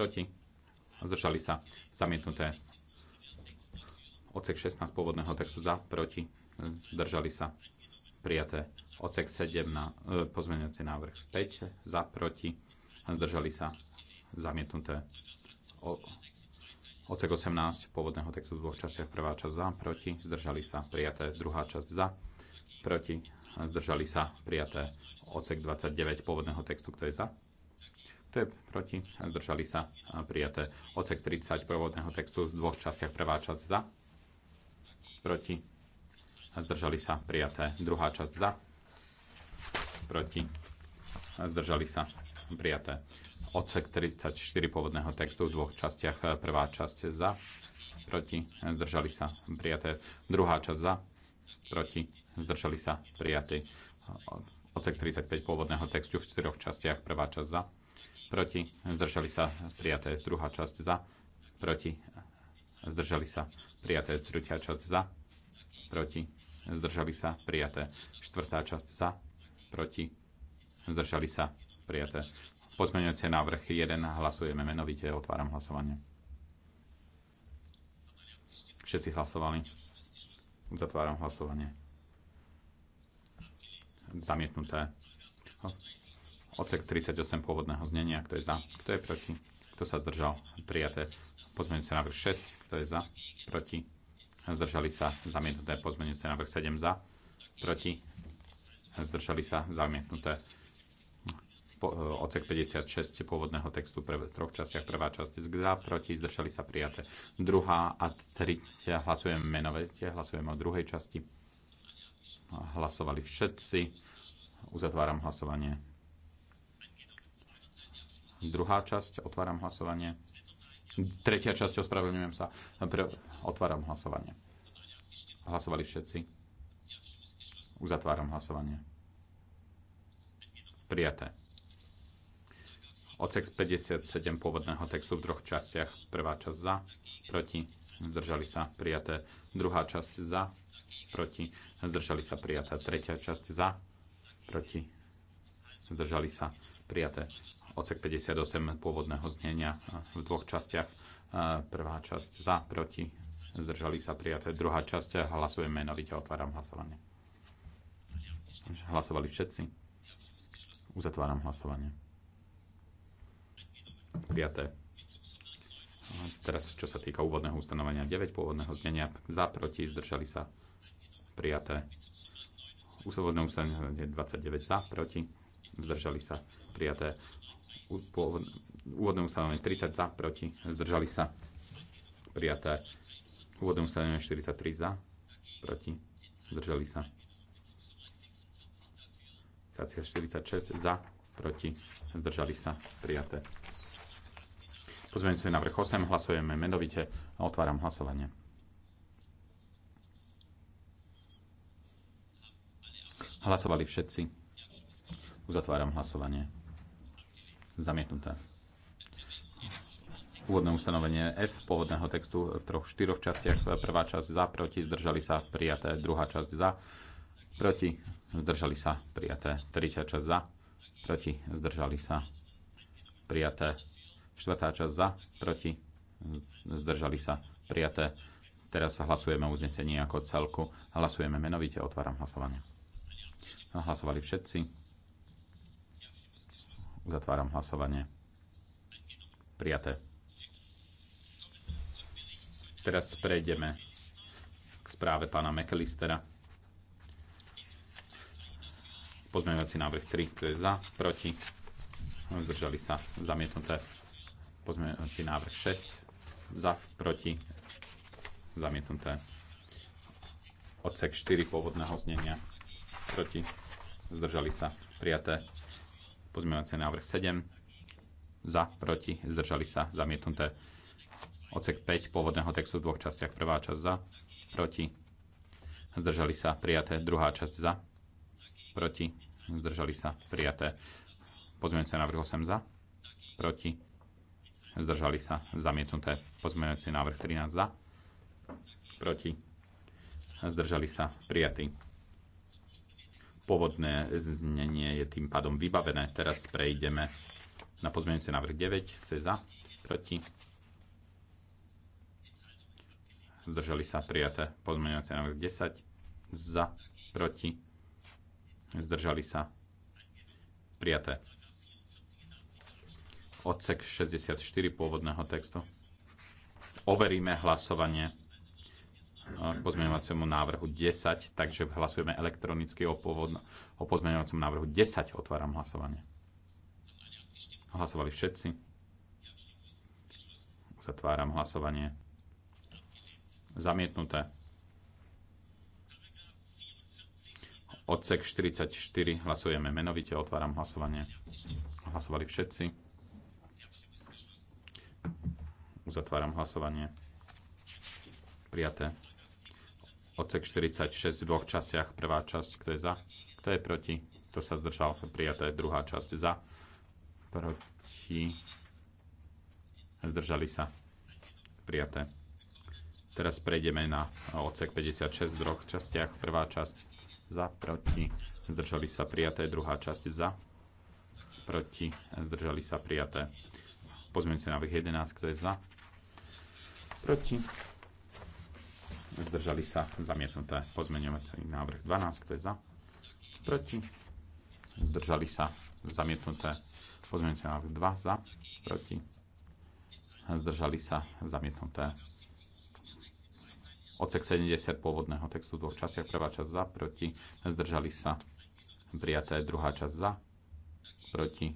proti, zdržali sa, zamietnuté. Odsek 16 pôvodného textu za, proti, zdržali sa, prijaté. Odsek 7 na e, pozmeňujúci návrh 5, za, proti, zdržali sa, zamietnuté. odsek 18 pôvodného textu v dvoch častiach, prvá časť za, proti, zdržali sa, prijaté, druhá časť za, proti, zdržali sa, prijaté. Odsek 29 pôvodného textu, kto je za, to je proti, zdržali sa prijaté. Ocek 30 pôvodného textu v dvoch častiach. Prvá časť za, proti, zdržali sa prijaté. Druhá časť za, proti, zdržali sa prijaté. Odsek 34 pôvodného textu v dvoch častiach. Prvá časť za, proti, zdržali sa prijaté. Druhá časť za, proti, zdržali sa prijaté. Odsek 35 pôvodného textu v čtyroch častiach. Prvá časť za, proti, zdržali sa prijaté. Druhá časť za, proti, zdržali sa prijaté. Tretia časť za, proti, zdržali sa prijaté. Štvrtá časť za, proti, zdržali sa prijaté. Pozmeňujúce návrh 1 hlasujeme menovite, otváram hlasovanie. Všetci hlasovali. Zatváram hlasovanie. Zamietnuté. Odsek 38 pôvodného znenia. Kto je za? Kto je proti? Kto sa zdržal? Prijaté. Pozmeňujúci návrh 6. Kto je za? Proti? Zdržali sa zamietnuté. Pozmeňujúci návrh 7 za. Proti? Zdržali sa zamietnuté. E, odsek 56 pôvodného textu pre, v troch častiach. Prvá časť je za, proti, zdržali sa prijaté. Druhá a tretia hlasujeme menovete, hlasujeme o druhej časti. Hlasovali všetci. Uzatváram hlasovanie. Druhá časť, otváram hlasovanie. Tretia časť, ospravedlňujem sa. Pre, otváram hlasovanie. Hlasovali všetci. Uzatváram hlasovanie. Prijaté. Odsek 57 pôvodného textu v troch častiach. Prvá časť za, proti, zdržali sa, prijaté. Druhá časť za, proti, zdržali sa, prijaté. Tretia časť za, proti, zdržali sa, prijaté odsek 58 pôvodného znenia v dvoch častiach. Prvá časť za, proti, zdržali sa prijaté. Druhá časť hlasujeme menovite, otváram hlasovanie. Hlasovali všetci. Uzatváram hlasovanie. Prijaté. Teraz, čo sa týka úvodného ustanovenia 9 pôvodného znenia, za, proti, zdržali sa prijaté. Úvodné ustanovenie 29 za, proti, zdržali sa prijaté sa ustanovenie 30 za, proti, zdržali sa. Prijaté. Úvodné ustanovenie 43 za, proti, zdržali sa. Citácia 46 za, proti, zdržali sa. Prijaté. na návrh 8, hlasujeme menovite a otváram hlasovanie. Hlasovali všetci. Uzatváram hlasovanie. Zamietnuté. Úvodné ustanovenie F pôvodného textu v troch, štyroch častiach. Prvá časť za, proti, zdržali sa, prijaté. Druhá časť za, proti, zdržali sa, prijaté. Tretia časť za, proti, zdržali sa, prijaté. Štvrtá časť za, proti, zdržali sa, prijaté. Teraz sa hlasujeme o uznesení ako celku. Hlasujeme menovite, otváram hlasovanie. Hlasovali všetci. Uzatváram hlasovanie. Prijaté. Teraz prejdeme k správe pána McAllistera. Pozmeňovací návrh 3, kto je za, proti, zdržali sa zamietnuté. Pozmeňovací návrh 6, za, proti, zamietnuté. Odsek 4 pôvodného znenia, proti, zdržali sa, prijaté Pozmeňovací návrh 7. Za, proti, zdržali sa, zamietnuté. Ocek 5 pôvodného textu v dvoch častiach. Prvá časť za, proti, zdržali sa, prijaté. Druhá časť za, proti, zdržali sa, prijaté. Pozmeňujúce návrh 8 za, proti, zdržali sa, zamietnuté. Pozmeňujúci návrh 13 za, proti, zdržali sa, prijatý. Pôvodné znenie je tým pádom vybavené. Teraz prejdeme na pozmeňujúce návrh 9. Kto je za? Proti? Zdržali sa prijaté. pozmeňujúce návrh 10. Za? Proti? Zdržali sa prijaté. Odsek 64 pôvodného textu. Overíme hlasovanie k pozmeňovaciemu návrhu 10, takže hlasujeme elektronicky o, pôvod, o pozmeňovacom návrhu 10. Otváram hlasovanie. Hlasovali všetci. Zatváram hlasovanie. Zamietnuté. Odsek 44. Hlasujeme menovite. Otváram hlasovanie. Hlasovali všetci. Uzatváram hlasovanie. Prijaté odsek 46 v dvoch častiach. Prvá časť, kto je za, kto je proti, kto sa zdržal, prijaté. Druhá časť za, proti, zdržali sa, prijaté. Teraz prejdeme na odsek 56 v dvoch častiach. Prvá časť za, proti, zdržali sa, prijaté. Druhá časť za, proti, zdržali sa, prijaté. si návrh 11, kto je za, proti, zdržali sa zamietnuté pozmeňovací návrh 12, kto je za, proti, zdržali sa zamietnuté pozmeňovací návrh 2, za, proti, zdržali sa zamietnuté odsek 70 pôvodného textu v dvoch častiach, prvá časť za, proti, zdržali sa prijaté, druhá časť za, proti,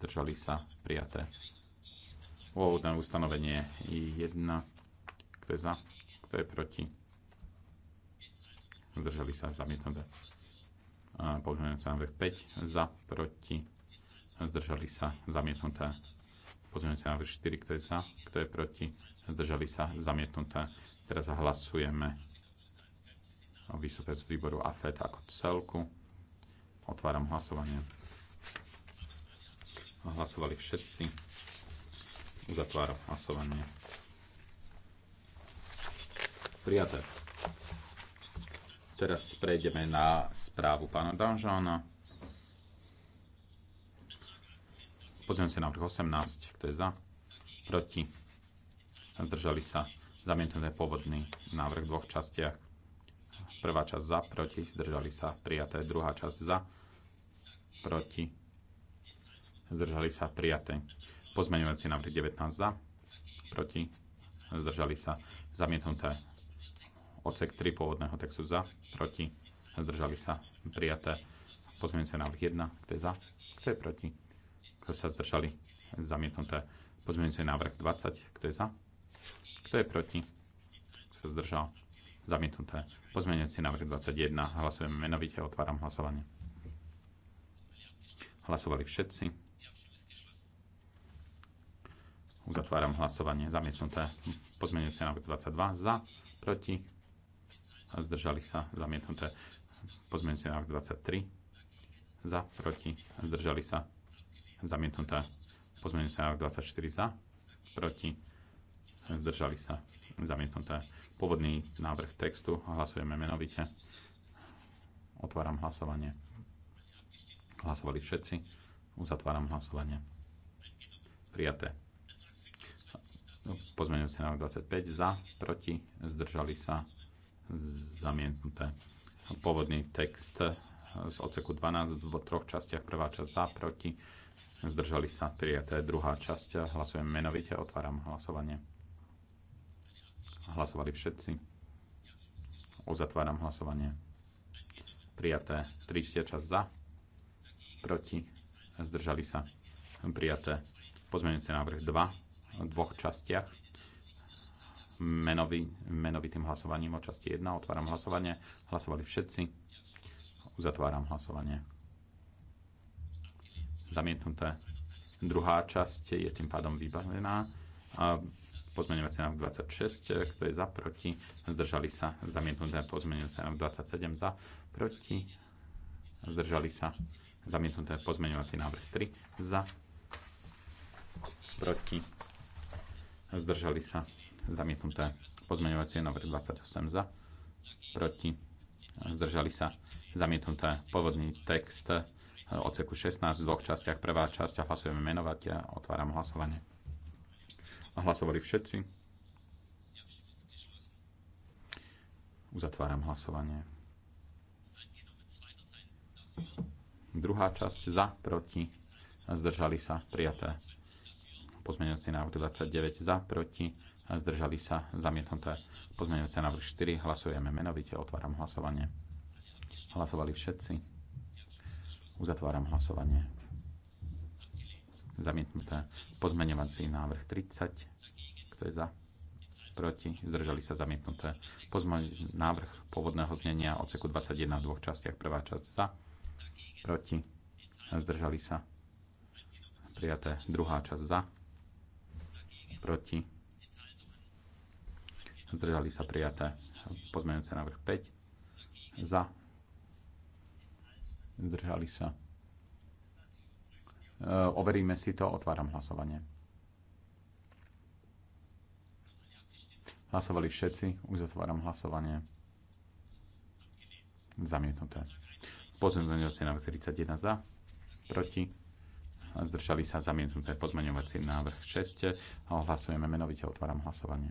zdržali sa prijaté. Pôvodné ustanovenie 1 kto je za? Kto je proti? Zdržali sa zamietnuté. Pozmeňujúci návrh 5. Za, proti. Zdržali sa zamietnuté. Pozmeňujúci návrh 4. Kto je za? Kto je proti? Zdržali sa zamietnuté. Teraz hlasujeme o výsupe z výboru AFED ako celku. Otváram hlasovanie. Hlasovali všetci. Uzatváram hlasovanie prijaté. Teraz prejdeme na správu pána Danžána. Pozrieme návrh 18, kto je za, proti, zdržali sa zamietnuté pôvodný návrh v dvoch častiach. Prvá časť za, proti, zdržali sa prijaté. Druhá časť za, proti, zdržali sa prijaté. Pozmeňovací návrh 19 za, proti, zdržali sa zamietnuté odsek 3 pôvodného textu za, proti, zdržali sa, prijaté. sa návrh 1, kto je za, kto je proti, kto sa zdržali, zamietnuté. sa návrh 20, kto je za, kto je proti, kto sa zdržal, zamietnuté. Pozmeňujúci návrh 21, hlasujeme menovite, otváram hlasovanie. Hlasovali všetci. Uzatváram hlasovanie. Zamietnuté pozmeňujúce návrh 22 za, proti zdržali sa zamietnuté pozmeňujúci návrh 23 za, proti, zdržali sa zamietnuté pozmeňujúci návrh 24 za, proti, zdržali sa zamietnuté pôvodný návrh textu a hlasujeme menovite. Otváram hlasovanie. Hlasovali všetci. Uzatváram hlasovanie. Prijaté. Pozmeňujúci návrh 25 za, proti, zdržali sa zamietnuté. Pôvodný text z odseku 12 v troch častiach. Prvá časť za, proti, zdržali sa, prijaté. Druhá časť, hlasujem menovite, otváram hlasovanie. Hlasovali všetci. Uzatváram hlasovanie. Prijaté. Tretia časť za, proti, zdržali sa, prijaté. pozmeňujúce návrh 2 v dvoch častiach menový, menovitým hlasovaním o časti 1. Otváram hlasovanie. Hlasovali všetci. Uzatváram hlasovanie. Zamietnuté. Druhá časť je tým pádom vybavená. Pozmeňovací návrh 26, kto je za, proti, zdržali sa, zamietnuté pozmeňovací návrh 27 za, proti, zdržali sa, zamietnuté pozmeňovací návrh 3 za, proti, zdržali sa, Zamietnuté. Pozmeňovacie návrhy 28 za. Proti. Zdržali sa. Zamietnuté. Pôvodný text odseku 16 v dvoch častiach. Prvá časť a hlasujeme menovať. a otváram hlasovanie. Hlasovali všetci. Uzatváram hlasovanie. Druhá časť za, proti, zdržali sa, prijaté. Pozmeňujúci návrh 29 za, proti, zdržali sa zamietnuté pozmeňujúce návrh 4. Hlasujeme menovite, otváram hlasovanie. Hlasovali všetci. Uzatváram hlasovanie. Zamietnuté pozmeňovací návrh 30. Kto je za? proti, zdržali sa zamietnuté. pozmeňujúce návrh pôvodného znenia odseku 21 v dvoch častiach. Prvá časť za, proti, zdržali sa. Prijaté druhá časť za, proti, zdržali sa prijaté. Pozmeňujúce návrh 5, za, zdržali sa. E, overíme si to, otváram hlasovanie. Hlasovali všetci, už zatváram hlasovanie. Zamietnuté. Pozmeňujúce návrh 31 za, proti, zdržali sa zamietnuté pozmeňovací návrh 6. Hlasujeme menovite, otváram hlasovanie.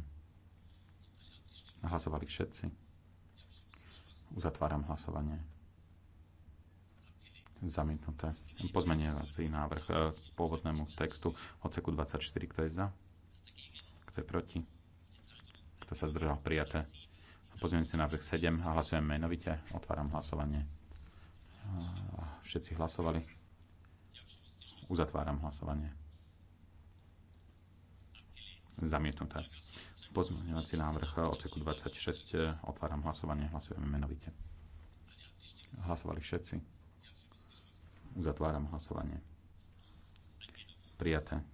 Hlasovali všetci. Uzatváram hlasovanie. Zamietnuté. Pozmeniavací návrh e, k pôvodnému textu odseku 24. Kto je za? Kto je proti? Kto sa zdržal? Prijaté. Pozmeniavací návrh 7. Hlasujem menovite. Otváram hlasovanie. Všetci hlasovali. Uzatváram hlasovanie. Zamietnuté Pozmeňovací návrh odseku 26. Eh, otváram hlasovanie. Hlasujeme menovite. Hlasovali všetci. Uzatváram hlasovanie. Prijaté.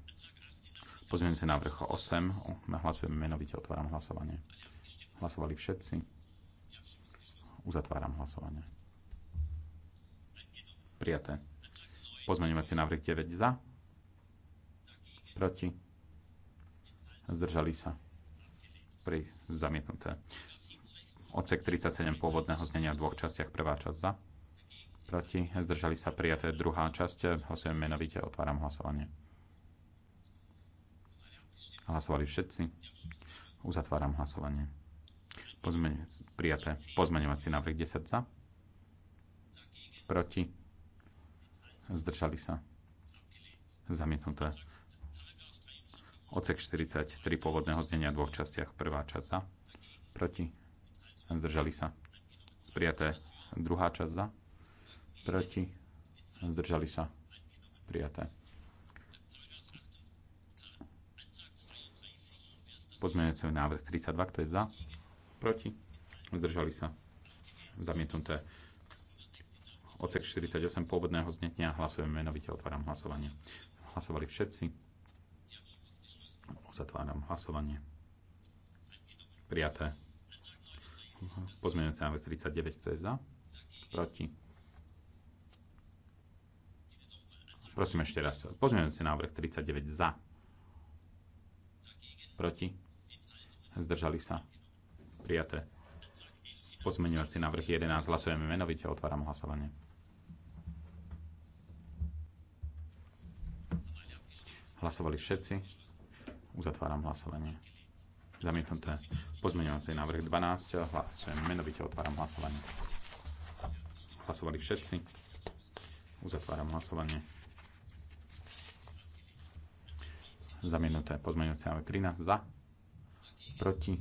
si návrh 8. Eh, hlasujeme menovite. Otváram hlasovanie. Hlasovali všetci. Uzatváram hlasovanie. Prijaté. Pozmeňovací návrh 9 za. Proti. Zdržali sa pri zamietnuté. Odsek 37 pôvodného znenia v dvoch častiach. Prvá časť za, proti, zdržali sa prijaté. Druhá časť, hlasujem menovite, otváram hlasovanie. Hlasovali všetci. Uzatváram hlasovanie. Pozmene, prijaté pozmeňovací návrh 10 za, proti, zdržali sa. Zamietnuté Odsek 43 pôvodného znenia v dvoch častiach. Prvá časť za, proti, zdržali sa. Prijaté. Druhá časť za, proti, zdržali sa. Prijaté. Pozmeňujúci návrh 32, kto je za, proti, zdržali sa. Zamietnuté odsek 48 pôvodného znetnia. Hlasujeme menovite, otváram hlasovanie. Hlasovali všetci. Uzatváram hlasovanie. Prijaté. Pozmeňujúce návrh 39, kto je za? Proti? Prosím ešte raz. Pozmeňujúci návrh 39 za. Proti? Zdržali sa? Prijaté. Pozmeňujúci návrh 11. Hlasujeme menovite. Otváram hlasovanie. Hlasovali všetci. Uzatváram hlasovanie. Zamietnuté pozmeňovací návrh 12. Eh, Hlasujem eh, menovite. Otváram hlasovanie. Hlasovali všetci. Uzatváram hlasovanie. Zamietnuté pozmeňovací návrh 13. Za. Proti.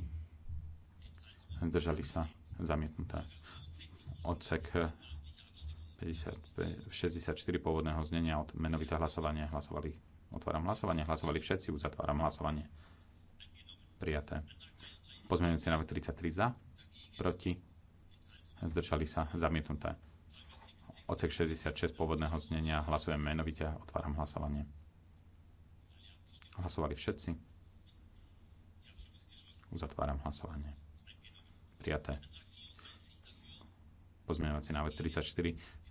Zdržali sa. Zamietnuté. Odsek 50, eh, 64 pôvodného znenia od menovité hlasovania hlasovali Otváram hlasovanie. Hlasovali všetci. Uzatváram hlasovanie. Prijaté. Pozmeňujúci návrh 33 za. Proti. Zdržali sa. Zamietnuté. Odsek 66 pôvodného znenia. Hlasujem menovite. Otváram hlasovanie. Hlasovali všetci. Uzatváram hlasovanie. Prijaté. Pozmeňovací návrh 34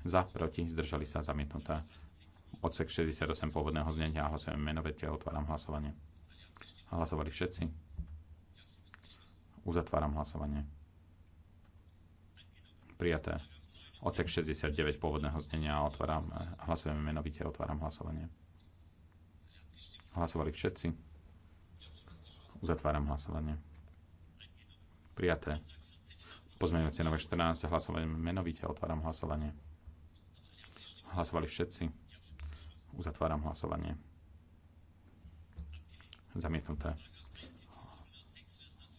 za, proti, zdržali sa, zamietnuté. Odsek 68 pôvodného znenia hlasujeme menovite. Otváram hlasovanie. Hlasovali všetci. Uzatváram hlasovanie. Prijaté. Odsek 69 pôvodného znenia otváram, hlasujeme menovite. Otváram hlasovanie. Hlasovali všetci. Uzatváram hlasovanie. Prijaté. Pozmeňujúce nové 14 hlasovanie menovite. Otváram hlasovanie. Hlasovali všetci. Uzatváram hlasovanie. Zamietnuté.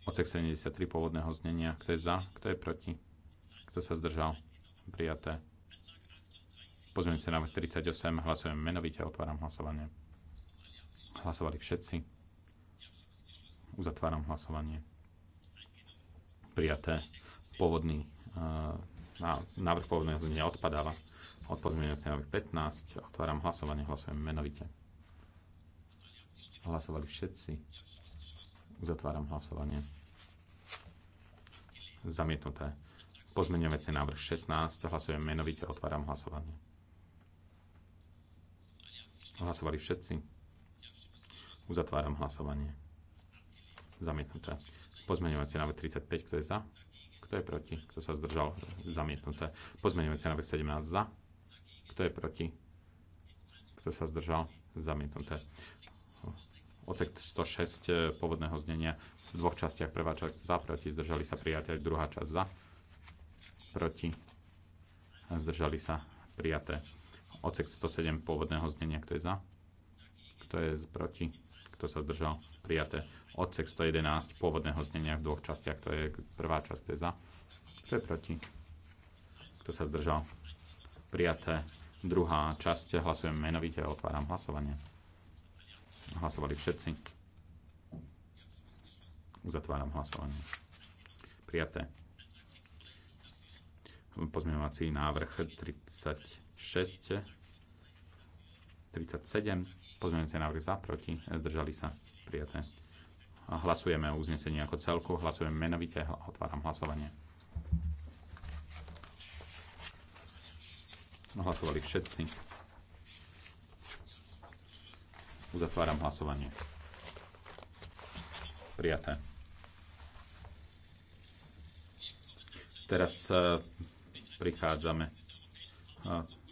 Odsek 73 pôvodného znenia. Kto je za? Kto je proti? Kto sa zdržal? Prijaté. Pozmeňujem sa na 38. Hlasujem menovite. Otváram hlasovanie. Hlasovali všetci. Uzatváram hlasovanie. Prijaté. Pôvodný uh, návrh pôvodného znenia odpadáva od pozmeňujúceho návrh 15. Otváram hlasovanie, hlasujem menovite. Hlasovali všetci. Uzatváram hlasovanie. Zamietnuté. Pozmeňujúci návrh 16. Hlasujem menovite, otváram hlasovanie. Hlasovali všetci. Uzatváram hlasovanie. Zamietnuté. Pozmeňovací návrh 35, kto je za? Kto je proti? Kto sa zdržal? Zamietnuté. Pozmeňujúci návrh 17 za. Kto je proti? Kto sa zdržal? Zamietnuté. Ocek 106 e, pôvodného znenia v dvoch častiach. Prvá časť za, proti, zdržali sa prijaté. Druhá časť za, proti, zdržali sa prijaté. Ocek 107 pôvodného znenia. Kto je za? Kto je proti? Kto sa zdržal? Prijaté. Odsek 111 pôvodného znenia v dvoch častiach. To je prvá časť. Kto je za? Kto je proti? Kto sa zdržal? Prijaté. Druhá časť hlasujeme menovite a otváram hlasovanie. Hlasovali všetci. Uzatváram hlasovanie. Prijaté. Pozmeňovací návrh 36, 37, pozmeňujúce návrh za, proti, zdržali sa, prijaté. Hlasujeme o uznesení ako celku, hlasujeme menovite, otváram hlasovanie. Hlasovali všetci. Uzatváram hlasovanie. Prijaté. Teraz e, prichádzame e,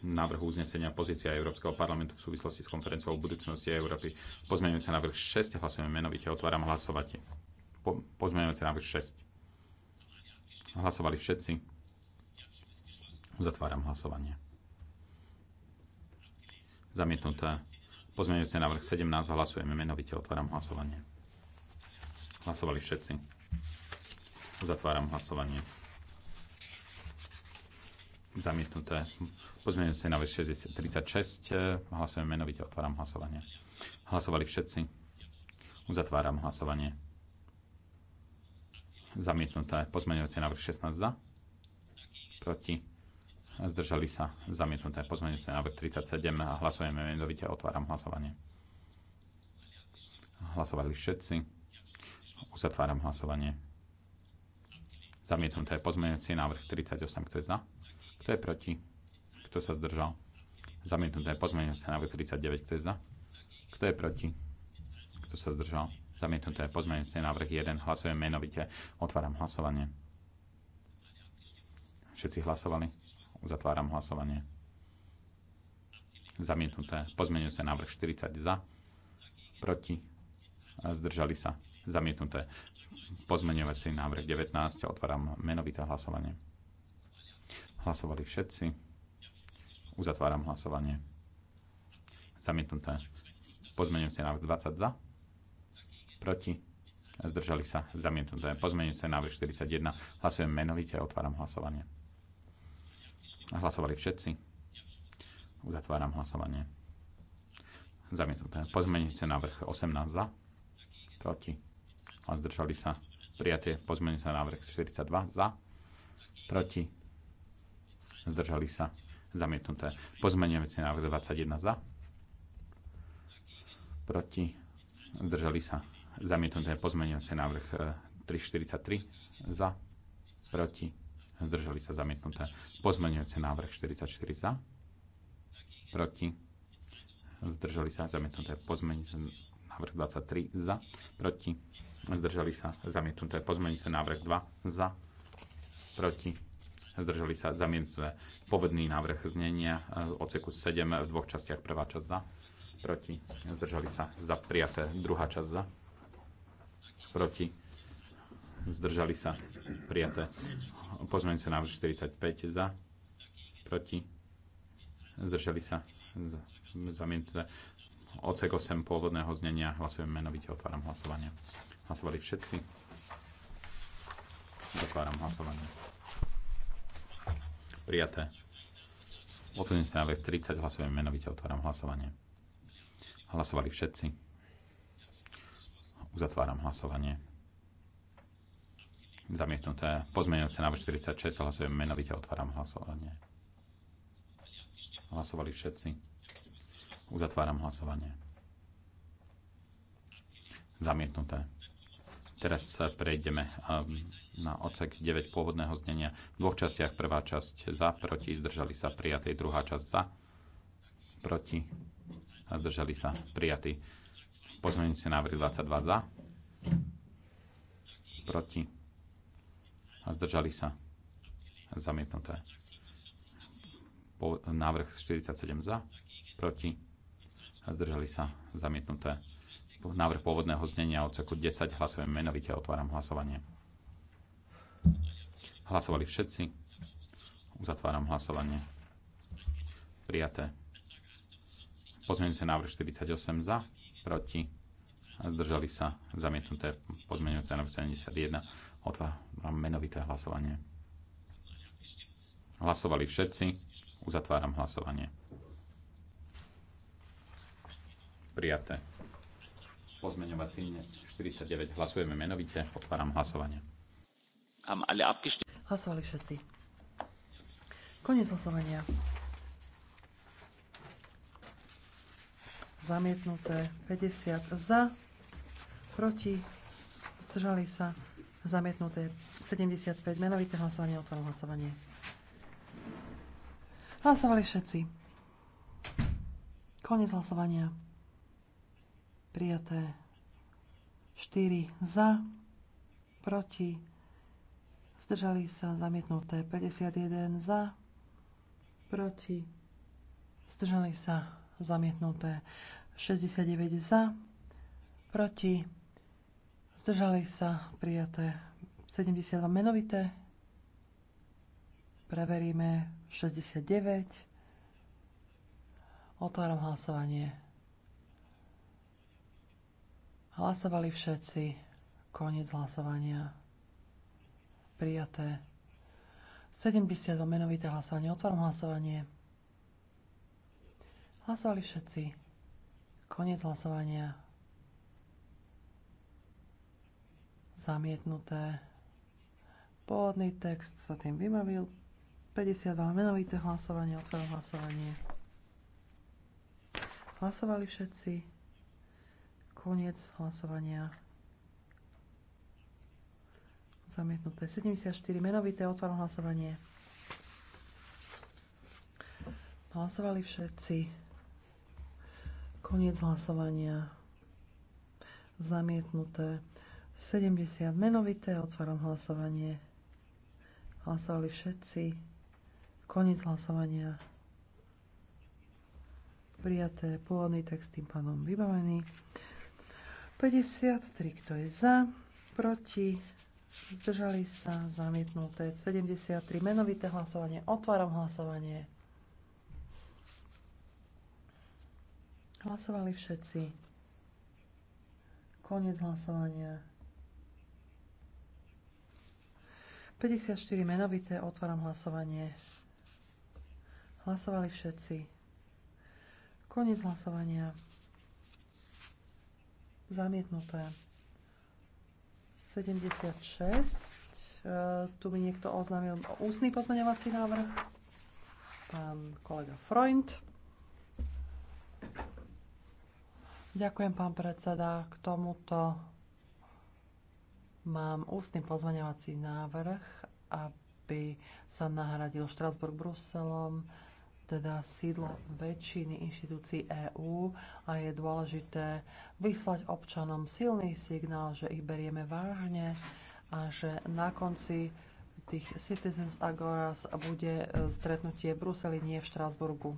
návrhu uznesenia pozícia Európskeho parlamentu v súvislosti s konferenciou o budúcnosti Európy. Pozmeňujúce návrh 6, hlasujeme menovite, otváram hlasovanie. Po, pozmeňujúce návrh 6. Hlasovali všetci. Uzatváram hlasovanie. Zamietnuté. Pozmeňujúce návrh 17. Hlasujeme menovite. Otváram hlasovanie. Hlasovali všetci. Uzatváram hlasovanie. Zamietnuté. Pozmeňujúce návrh 36. Hlasujeme menovite. Otváram hlasovanie. Hlasovali všetci. Uzatváram hlasovanie. Zamietnuté. Pozmeňujúce návrh 16 za. Proti zdržali sa zamietnuté pozmeňujúce návrh 37 a hlasujeme menovite, otváram hlasovanie. Hlasovali všetci. Uzatváram hlasovanie. Zamietnuté pozmeňujúci návrh 38, kto je za, kto je proti, kto sa zdržal. Zamietnuté pozmeňujúce návrh 39, kto je za, kto je proti, kto sa zdržal. Zamietnuté pozmeňujúce návrh 1, hlasujeme menovite, otváram hlasovanie. Všetci hlasovali. Uzatváram hlasovanie. Zamietnuté. sa návrh 40 za. Proti. Zdržali sa. Zamietnuté. si návrh 19. Otváram menovité hlasovanie. Hlasovali všetci. Uzatváram hlasovanie. Zamietnuté. Pozmeňujúci návrh 20 za. Proti. Zdržali sa zamietnuté. sa návrh 41. Hlasujem menovite. Otváram hlasovanie. Hlasovali všetci. Uzatváram hlasovanie. Zamietnuté. Pozmenujúce návrh 18 za. Proti. A zdržali sa. Prijatie. Pozmenujúce návrh 42 za. Proti. Zdržali sa. Zamietnuté. Pozmenujúci návrh 21 za. Proti. Zdržali sa. Zamietnuté. Pozmenujúci návrh 343 e, za. Proti zdržali sa zamietnuté. Pozmeňujúce návrh 44 za, proti, zdržali sa zamietnuté. Pozmeňujúce návrh 23 za, proti, zdržali sa zamietnuté. Pozmeňujúce návrh 2 za, proti, zdržali sa zamietnuté. Povedný návrh znenia e, odseku 7 v dvoch častiach. Prvá časť za, proti, zdržali sa za prijaté. Druhá časť za, proti, zdržali sa prijaté sa návrh 45 za, proti, zdržali sa, zamietnuté. odsek 8 pôvodného znenia, hlasujem menovite, otváram hlasovanie. Hlasovali všetci. Otváram hlasovanie. Prijaté. Pozmeňujúci návrh 30, hlasujem menovite, otváram hlasovanie. Hlasovali všetci. Uzatváram hlasovanie Zamietnuté. Pozmeňujúce návrh 46. Hlasujeme menovite. Otváram hlasovanie. Hlasovali všetci. Uzatváram hlasovanie. Zamietnuté. Teraz prejdeme um, na odsek 9 pôvodného znenia. V dvoch častiach prvá časť za, proti, zdržali sa prijatý. Druhá časť za, proti a zdržali sa prijatý. Pozmeňujúce návrh 22 za, proti a zdržali sa zamietnuté. Po, návrh 47 za, proti, zdržali sa zamietnuté. Návrh pôvodného znenia odseku 10 hlasujem menovite, otváram hlasovanie. Hlasovali všetci. Uzatváram hlasovanie. Prijaté. Pozmeňujúce návrh 48 za, proti, zdržali sa zamietnuté pozmeňujúce návrh 71 Otváram menovité hlasovanie. Hlasovali všetci. Uzatváram hlasovanie. Prijaté. Pozmeňovací 49. Hlasujeme menovite. Otváram hlasovanie. Hlasovali všetci. Koniec hlasovania. Zamietnuté 50 za, proti, zdržali sa Zamietnuté 75. Menovité hlasovanie. Otváram hlasovanie. Hlasovali všetci. Konec hlasovania. Prijaté 4 za, proti, zdržali sa zamietnuté 51 za, proti, zdržali sa zamietnuté 69 za, proti, Zdržali sa prijaté 72 menovité. Preveríme 69. Otváram hlasovanie. Hlasovali všetci. Koniec hlasovania. Prijaté. 72 menovité hlasovanie. Otváram hlasovanie. Hlasovali všetci. Koniec hlasovania. zamietnuté. Pôvodný text sa tým vybavil. 52 menovité hlasovanie, otvorené hlasovanie. Hlasovali všetci. Koniec hlasovania. Zamietnuté. 74 menovité, otvorené hlasovanie. Hlasovali všetci. Koniec hlasovania. Zamietnuté. 70 menovité, otváram hlasovanie. Hlasovali všetci. Koniec hlasovania. Prijaté pôvodný text tým pánom vybavený. 53, kto je za, proti, zdržali sa, zamietnuté. 73 menovité hlasovanie, otváram hlasovanie. Hlasovali všetci. Koniec hlasovania 54 menovité, otváram hlasovanie. Hlasovali všetci. Koniec hlasovania. Zamietnuté. 76. E, tu mi niekto oznámil ústny pozmeňovací návrh. Pán kolega Freund. Ďakujem, pán predseda. K tomuto Mám ústny pozvaňovací návrh, aby sa nahradil Štrasburg Bruselom, teda sídlo väčšiny inštitúcií EÚ a je dôležité vyslať občanom silný signál, že ich berieme vážne a že na konci tých Citizens Agoras bude e, stretnutie v Bruseli, nie v Štrásburgu.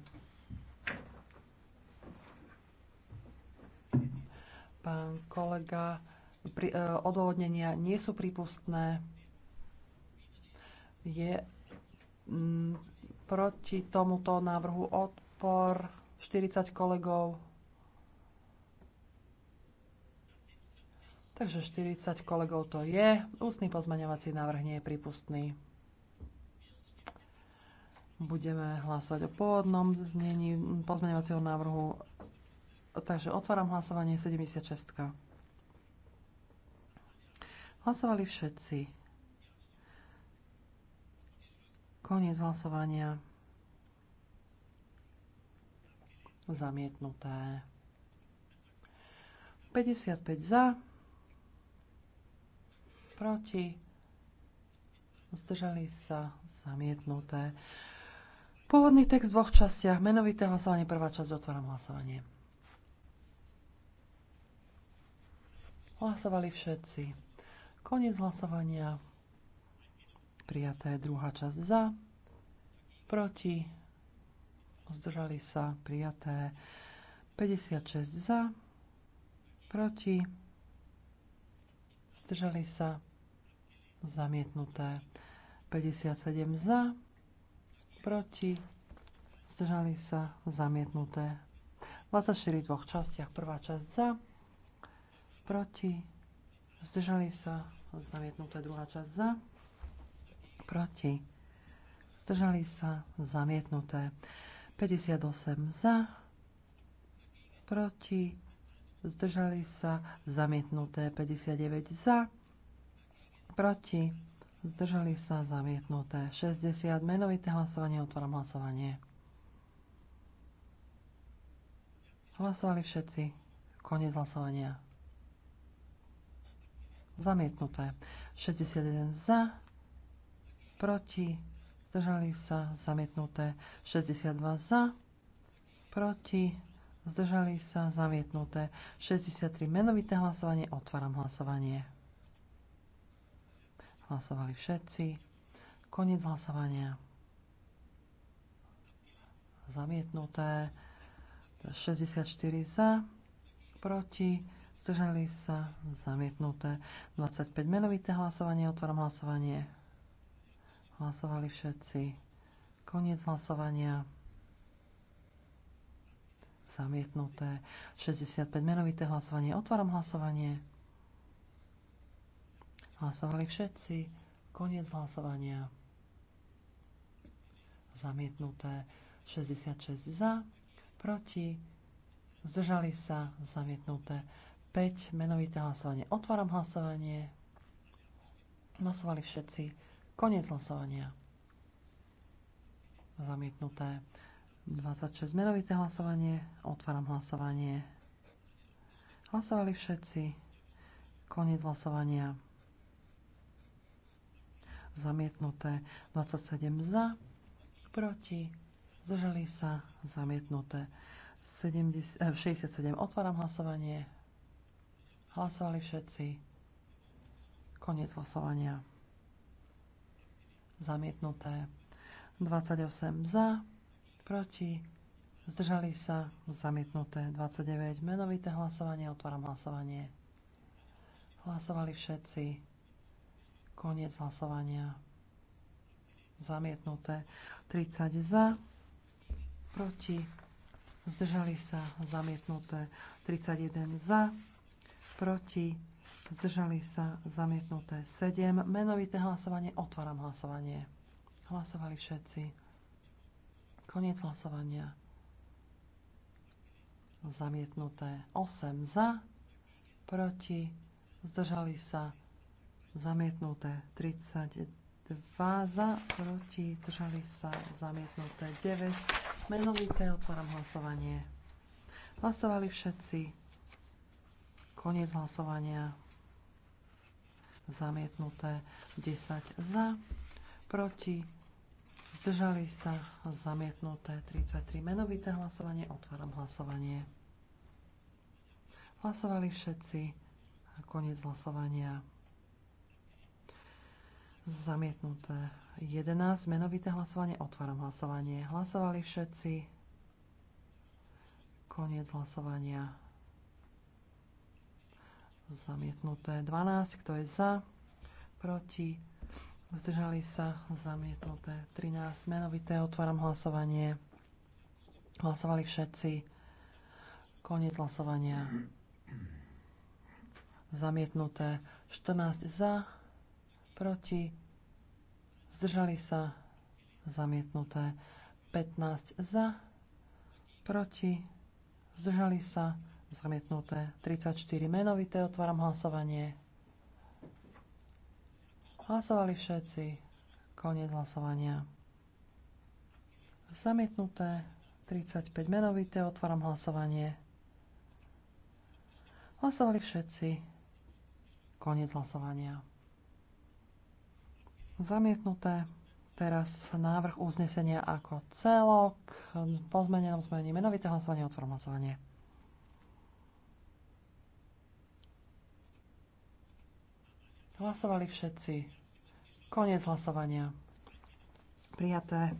Pán kolega E, odôvodnenia nie sú prípustné. Je mm, proti tomuto návrhu odpor 40 kolegov. Takže 40 kolegov to je. Ústny pozmaňovací návrh nie je prípustný. Budeme hlasovať o pôvodnom znení pozmeňovacieho návrhu. Takže otváram hlasovanie 76. Hlasovali všetci. Koniec hlasovania. Zamietnuté. 55 za. Proti. Zdržali sa. Zamietnuté. Pôvodný text v dvoch častiach. Menovité hlasovanie, prvá časť, otváram hlasovanie. Hlasovali všetci. Koniec hlasovania. Prijaté druhá časť za. Proti. Zdržali sa. Prijaté 56 za. Proti. Zdržali sa. Zamietnuté 57 za. Proti. Zdržali sa. Zamietnuté 24 v dvoch častiach. Prvá časť za. Proti Zdržali sa zamietnuté druhá časť za. Proti. Zdržali sa zamietnuté. 58 za. Proti. Zdržali sa zamietnuté. 59 za. Proti. Zdržali sa zamietnuté. 60. Menovité hlasovanie. Otváram hlasovanie. Hlasovali všetci. Koniec hlasovania. Zamietnuté. 61 za, proti, zdržali sa. Zamietnuté. 62 za, proti, zdržali sa. Zamietnuté. 63 menovité hlasovanie. Otváram hlasovanie. Hlasovali všetci. Koniec hlasovania. Zamietnuté. 64 za, proti, zdržali sa, zamietnuté. 25 menovité hlasovanie, otváram hlasovanie. Hlasovali všetci. Koniec hlasovania. Zamietnuté. 65 menovité hlasovanie, otváram hlasovanie. Hlasovali všetci. Koniec hlasovania. Zamietnuté. 66 za, proti, zdržali sa, zamietnuté. 5, menovité hlasovanie. Otváram hlasovanie. Hlasovali všetci. Koniec hlasovania. Zamietnuté. 26, menovité hlasovanie. Otváram hlasovanie. Hlasovali všetci. Koniec hlasovania. Zamietnuté. 27 za, proti, zdržali sa, zamietnuté. 70, 67. Eh, Otváram hlasovanie. Hlasovali všetci. Koniec hlasovania. Zamietnuté. 28 za, proti, zdržali sa, zamietnuté. 29 menovité hlasovanie, otváram hlasovanie. Hlasovali všetci. Koniec hlasovania. Zamietnuté. 30 za, proti, zdržali sa, zamietnuté. 31 za, proti, zdržali sa zamietnuté 7. Menovité hlasovanie, otváram hlasovanie. Hlasovali všetci. Koniec hlasovania. Zamietnuté 8 za, proti, zdržali sa zamietnuté 32 za, proti, zdržali sa zamietnuté 9. Menovité otváram hlasovanie. Hlasovali všetci. Koniec hlasovania. Zamietnuté 10 za, proti, zdržali sa, zamietnuté 33 menovité hlasovanie. Otváram hlasovanie. Hlasovali všetci. Koniec hlasovania. Zamietnuté 11 menovité hlasovanie. Otváram hlasovanie. Hlasovali všetci. Koniec hlasovania zamietnuté 12, kto je za, proti, zdržali sa, zamietnuté 13, menovité, otváram hlasovanie, hlasovali všetci, koniec hlasovania, zamietnuté 14 za, proti, zdržali sa, zamietnuté 15 za, proti, zdržali sa, zamietnuté. 34 menovité, otváram hlasovanie. Hlasovali všetci, koniec hlasovania. Zamietnuté, 35 menovité, otváram hlasovanie. Hlasovali všetci, koniec hlasovania. Zamietnuté, teraz návrh uznesenia ako celok. Po zmenenom zmení menovité hlasovanie, otváram hlasovanie. Hlasovali všetci. Koniec hlasovania. Prijaté.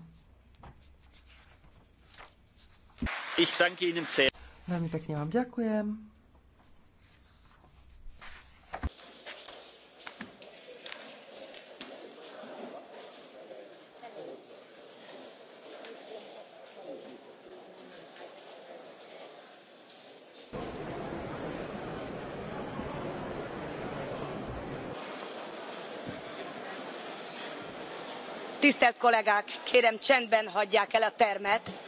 Ich danke Ihnen sehr. Veľmi pekne vám ďakujem. tisztelt kollégák kérem csendben hagyják el a termet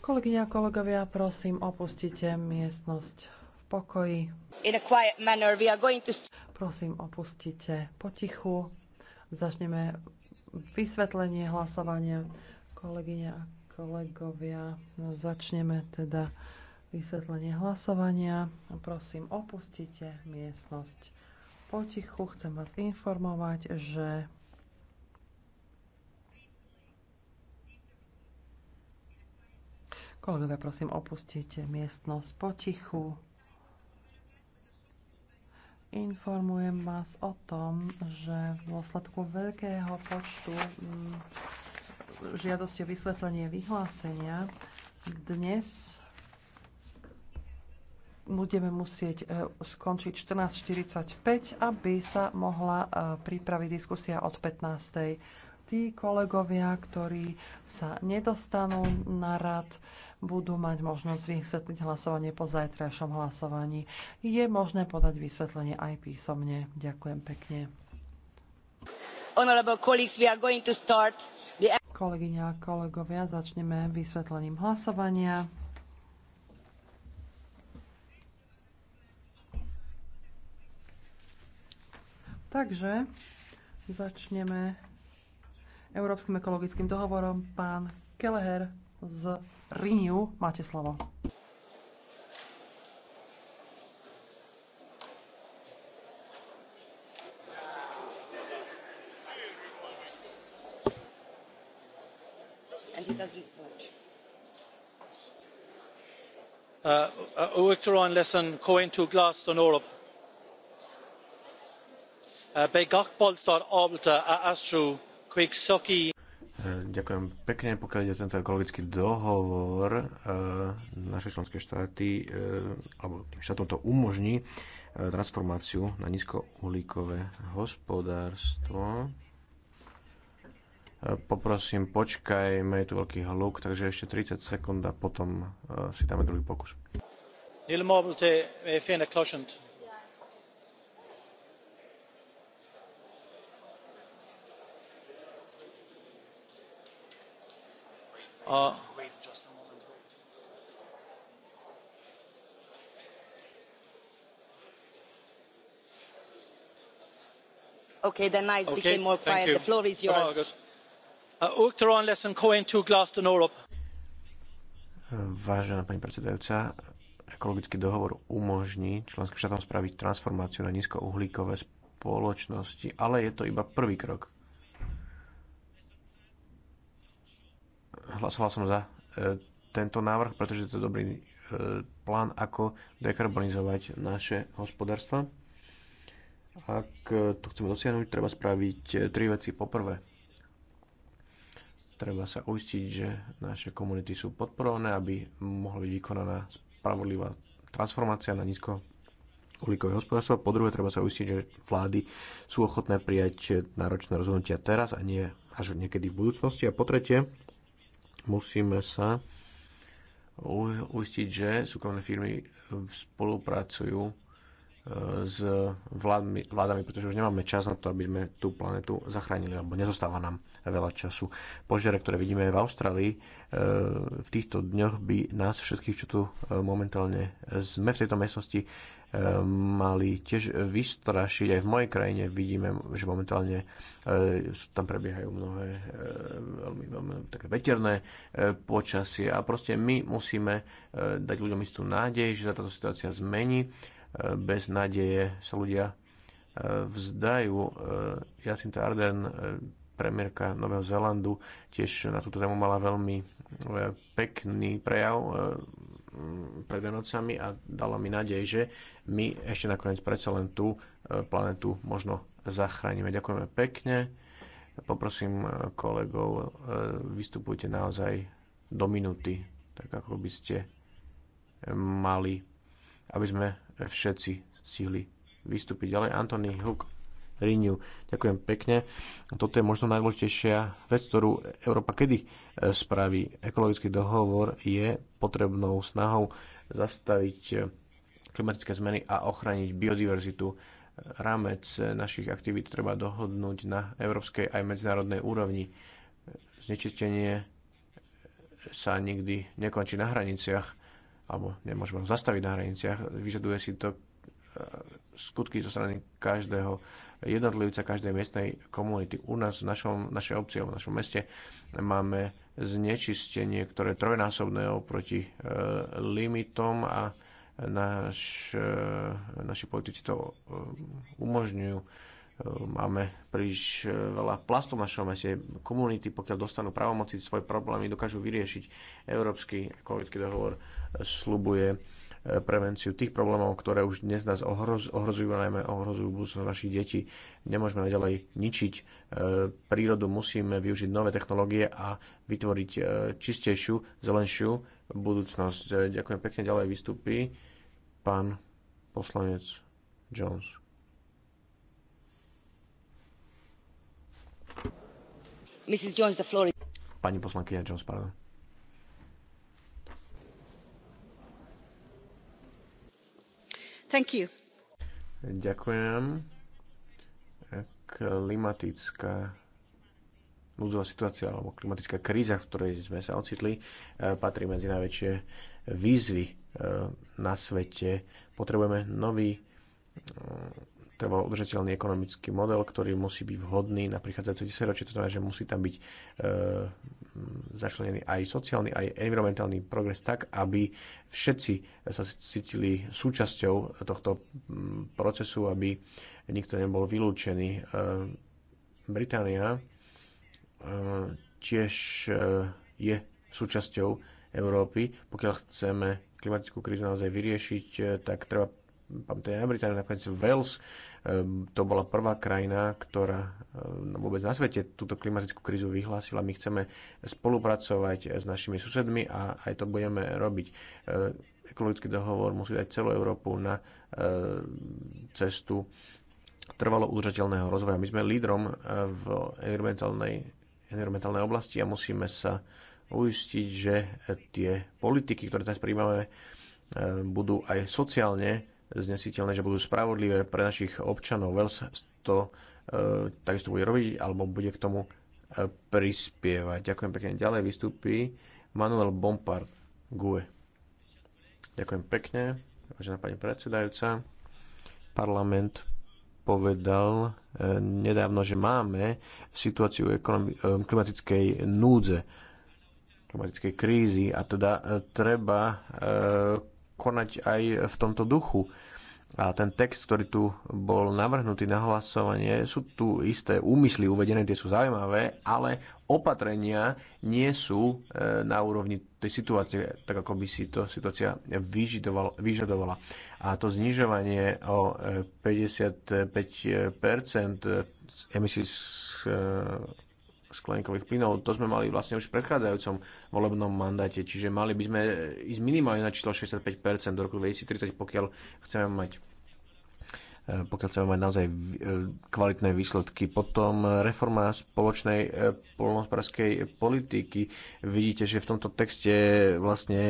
kolegyne a kolegovia prosím opustite miestnosť v pokoji in a quiet manner we are going to prosím opustite potichu začneme vysvetlenie hlasovania kolegyne a kolegovia začneme teda vysvetlenie hlasovania prosím opustite miestnosť potichu chcem vás informovať že Kolegovia, prosím, opustite miestnosť potichu. Informujem vás o tom, že v dôsledku veľkého počtu mm, žiadosti o vysvetlenie vyhlásenia dnes budeme musieť e, skončiť 14.45, aby sa mohla e, pripraviť diskusia od 15 tí kolegovia, ktorí sa nedostanú na rad, budú mať možnosť vysvetliť hlasovanie po zajtrajšom hlasovaní. Je možné podať vysvetlenie aj písomne. Ďakujem pekne. Kolegyňa a kolegovia, začneme vysvetlením hlasovania. Takže začneme Európskym ekologickým dohovorom. Pán Keleher z Riniu, máte slovo. uachtarán leis an comhaoin tú glas don eoraip Uh, gach bpollstad ábalta a aistriú E, ďakujem pekne. Pokiaľ ide tento ekologický dohovor, e, naše členské štáty, e, alebo tým štátom to umožní, transformáciu na nízkouhlíkové hospodárstvo. Poprosím, počkajme, je tu veľký hluk, takže ešte 30 sekúnd a potom si dáme druhý pokus. a okay then i became more quiet the floor is yours. vážená pani predsedajúca ekologický dohovor umožní členským štátom spraviť transformáciu na nízkouhlíkové spoločnosti ale je to iba prvý krok hlasoval som za e, tento návrh, pretože to je dobrý e, plán, ako dekarbonizovať naše hospodárstva. Ak e, to chceme dosiahnuť, treba spraviť tri veci. Poprvé, treba sa uistiť, že naše komunity sú podporované, aby mohla byť vykonaná spravodlivá transformácia na nízko uhlíkové hospodárstvo. Po druhé, treba sa uistiť, že vlády sú ochotné prijať náročné rozhodnutia teraz a nie až niekedy v budúcnosti. A po tretie, Musíme sa uistiť, že súkromné firmy e, spolupracujú e, s vládmi, vládami, pretože už nemáme čas na to, aby sme tú planetu zachránili, alebo nezostáva nám veľa času. Požiare, ktoré vidíme v Austrálii, e, v týchto dňoch by nás všetkých, čo tu momentálne sme v tejto miestnosti, mali tiež vystrašiť. Aj v mojej krajine vidíme, že momentálne e, tam prebiehajú mnohé e, veľmi, veľmi také veterné e, počasie a proste my musíme dať ľuďom istú nádej, že sa táto situácia zmení. Bez nádeje sa ľudia vzdajú. Jacinta Ardern, premiérka Nového Zelandu, tiež na túto tému mala veľmi pekný prejav Mm, pred Vianocami a dala mi nádej, že my ešte nakoniec predsa len tú e, planetu možno zachránime. Ďakujeme pekne. Poprosím e, kolegov, e, vystupujte naozaj do minúty, tak ako by ste mali, aby sme všetci stihli vystúpiť. Ďalej Antony Huk Renew. Ďakujem pekne. Toto je možno najdôležitejšia vec, ktorú Európa kedy e, spraví. Ekologický dohovor je potrebnou snahou zastaviť e, klimatické zmeny a ochrániť biodiverzitu. Rámec e, našich aktivít treba dohodnúť na európskej aj medzinárodnej úrovni. Znečistenie sa nikdy nekončí na hraniciach alebo nemôžeme ho zastaviť na hraniciach. Vyžaduje si to skutky zo strany každého jednotlivca každej miestnej komunity. U nás v našom, našej obci alebo v našom meste máme znečistenie, ktoré je trojnásobné oproti e, limitom a naš, e, naši politici to e, umožňujú. Máme príliš veľa plastov v našom meste. Komunity, pokiaľ dostanú právomoci svoje problémy, dokážu vyriešiť. Európsky ekologický dohovor slubuje prevenciu tých problémov, ktoré už dnes nás ohrozujú, najmä ohrozujú budúcnosť našich detí. Nemôžeme naďalej ničiť e, prírodu, musíme využiť nové technológie a vytvoriť e, čistejšiu, zelenšiu budúcnosť. E, ďakujem pekne, ďalej vystupí pán poslanec Jones. Mrs. Jones, the floor is... Pani poslankyňa Jones, pardon. Thank you. Ďakujem. Klimatická núdzová situácia alebo klimatická kríza, v ktorej sme sa ocitli, e, patrí medzi najväčšie výzvy e, na svete. Potrebujeme nový trvalo udržateľný ekonomický model, ktorý musí byť vhodný na prichádzajúce 10 ročie. To znamená, že musí tam byť e, začlenený aj sociálny, aj environmentálny progres tak, aby všetci sa cítili súčasťou tohto procesu, aby nikto nebol vylúčený. E, Británia e, tiež e, je súčasťou Európy. Pokiaľ chceme klimatickú krízu naozaj vyriešiť, e, tak treba pamätajme na Británia, nakoniec Wales, ehm, to bola prvá krajina, ktorá ehm, no vôbec na svete túto klimatickú krízu vyhlásila. My chceme spolupracovať s našimi susedmi a aj to budeme robiť. Ehm, ekologický dohovor musí dať celú Európu na cestu trvalo udržateľného rozvoja. My sme lídrom v environmentálnej, environmentálnej oblasti a musíme sa uistiť, že tie politiky, ktoré teraz príjmame, budú aj sociálne znesiteľné, že budú spravodlivé pre našich občanov. Wales to e, takisto bude robiť alebo bude k tomu e, prispievať. Ďakujem pekne. Ďalej vystúpi Manuel Bompard Gue. Ďakujem pekne, vážená pani predsedajúca. Parlament povedal e, nedávno, že máme situáciu ekonomi- e, klimatickej núdze, klimatickej krízy a teda e, treba e, konať aj v tomto duchu. A ten text, ktorý tu bol navrhnutý na hlasovanie, sú tu isté úmysly uvedené, tie sú zaujímavé, ale opatrenia nie sú e, na úrovni tej situácie, tak ako by si to situácia vyžadovala. A to znižovanie o 55% e, e, emisí skleníkových plynov. To sme mali vlastne už v predchádzajúcom volebnom mandáte, čiže mali by sme ísť minimálne na číslo 65% do roku 2030, pokiaľ chceme mať E, pokiaľ chceme mať naozaj e, kvalitné výsledky. Potom reforma spoločnej e, polnospodárskej politiky. Vidíte, že v tomto texte vlastne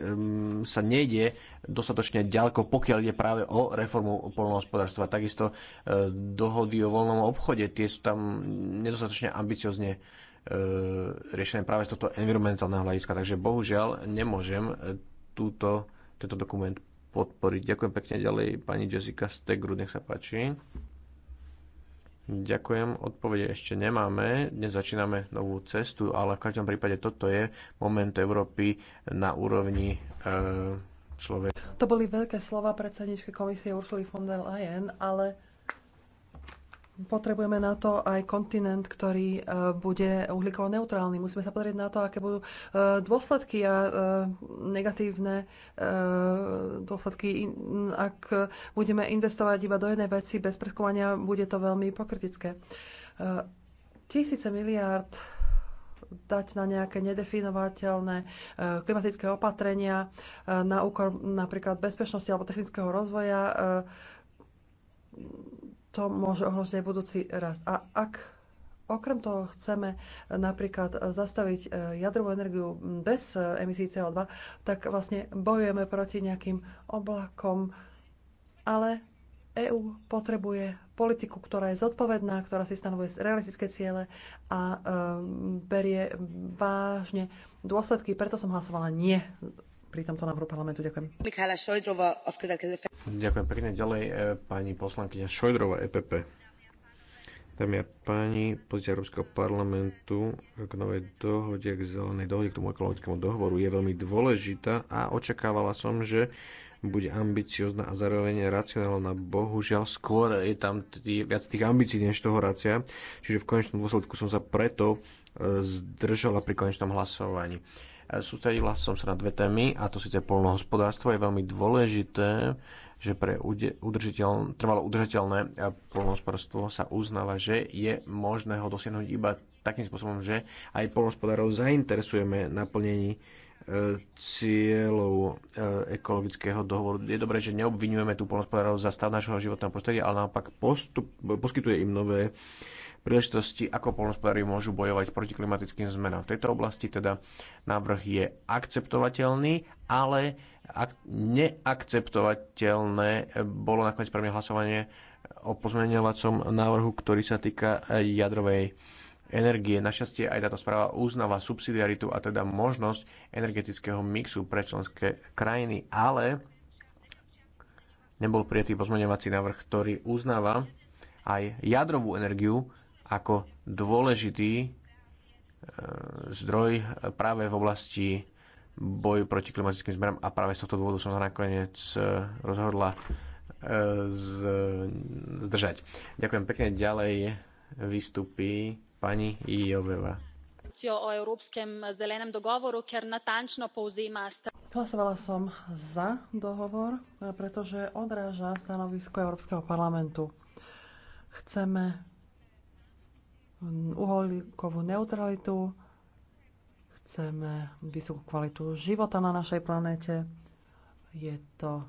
mm, sa nejde dostatočne ďaleko, pokiaľ ide práve o reformu polnohospodárstva. Takisto dohody o voľnom obchode, tie sú tam nedostatočne ambiciozne riešené práve z tohto environmentálneho hľadiska. Takže bohužiaľ nemôžem túto, tento dokument podporiť. Ďakujem pekne ďalej pani Jessica Stegru, nech sa páči. Ďakujem, odpovede ešte nemáme, dnes začíname novú cestu, ale v každom prípade toto je moment Európy na úrovni e, eh, človeka. To boli veľké slova predsedničky komisie Ursula von der Leyen, ale Potrebujeme na to aj kontinent, ktorý e, bude uhlíkovo neutrálny. Musíme sa pozrieť na to, aké budú e, dôsledky a e, negatívne dôsledky. Ak budeme investovať iba do jednej veci bez predkovania, bude to veľmi pokritické. Tisíce miliárd dať na nejaké nedefinovateľné klimatické opatrenia na úkor napríklad bezpečnosti alebo technického rozvoja to môže ohroziť aj budúci rast. A ak okrem toho chceme napríklad zastaviť e, jadrovú energiu bez e, emisí CO2, tak vlastne bojujeme proti nejakým oblakom, ale EÚ potrebuje politiku, ktorá je zodpovedná, ktorá si stanovuje realistické ciele a um, berie vážne dôsledky. Preto som hlasovala nie pri tomto návrhu parlamentu. Ďakujem. Michála Šojdrova, Ďakujem pekne. Ďalej e, pani poslankyňa Šojdrova, EPP. Tam a pani, pozícia Európskeho parlamentu k novej dohode, k zelenej dohode, k tomu ekologickému dohovoru je veľmi dôležitá a očakávala som, že bude ambiciozna a zároveň racionálna. Bohužiaľ, skôr je tam tý, viac tých ambícií než toho racia, čiže v konečnom dôsledku som sa preto e, zdržala pri konečnom hlasovaní. E, sústredila som sa na dve témy, a to síce polnohospodárstvo je veľmi dôležité, že pre udržiteľ, trvalo udržateľné e, polnohospodárstvo sa uznáva, že je možné ho dosiahnuť iba takým spôsobom, že aj polnohospodárov zainteresujeme naplnení e, cieľov ekologického dohovoru. Je dobré, že neobvinujeme tú polnospodárov za stav našho životného prostredia, ale naopak postup, poskytuje im nové príležitosti, ako polnospodári môžu bojovať proti klimatickým zmenám. V tejto oblasti teda návrh je akceptovateľný, ale ak neakceptovateľné bolo nakoniec pre mňa hlasovanie o pozmeňovacom návrhu, ktorý sa týka jadrovej energie. Našťastie aj táto správa uznáva subsidiaritu a teda možnosť energetického mixu pre členské krajiny, ale nebol prijatý pozmeňovací návrh, ktorý uznáva aj jadrovú energiu ako dôležitý e, zdroj práve v oblasti boju proti klimatickým zmenám a práve z tohto dôvodu som sa nakoniec e, rozhodla e, zdržať. Ďakujem pekne. Ďalej vystupí pani Joveva. Hlasovala som za dohovor, pretože odráža stanovisko Európskeho parlamentu. Chceme uholíkovú neutralitu, chceme vysokú kvalitu života na našej planete. Je to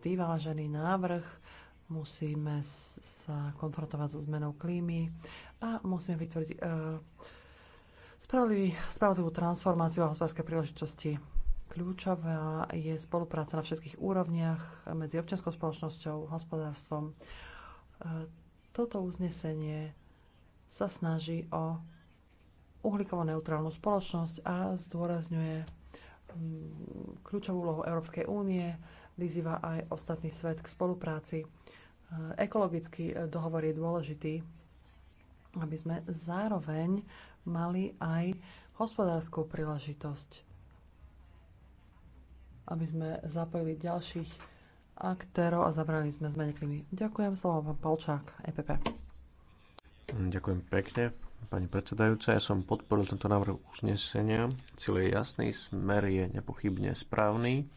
vyvážený návrh, musíme sa konfrontovať so zmenou klímy a musíme vytvoriť uh, spravodlivý, spravodlivú transformáciu a hospodárske príležitosti. Kľúčová je spolupráca na všetkých úrovniach medzi občianskou spoločnosťou, hospodárstvom. Uh, toto uznesenie sa snaží o uhlíkovo neutrálnu spoločnosť a zdôrazňuje mm, kľúčovú úlohu Európskej únie, vyzýva aj ostatný svet k spolupráci. E, ekologický e, dohovor je dôležitý, aby sme zároveň mali aj hospodárskú príležitosť, aby sme zapojili ďalších aktérov a zabrali sme zmeny klímy. Ďakujem, slovo pán Polčák, EPP. Ďakujem pekne, pani predsedajúca. Ja som podporil tento návrh uznesenia. Cíl je jasný, smer je nepochybne správny.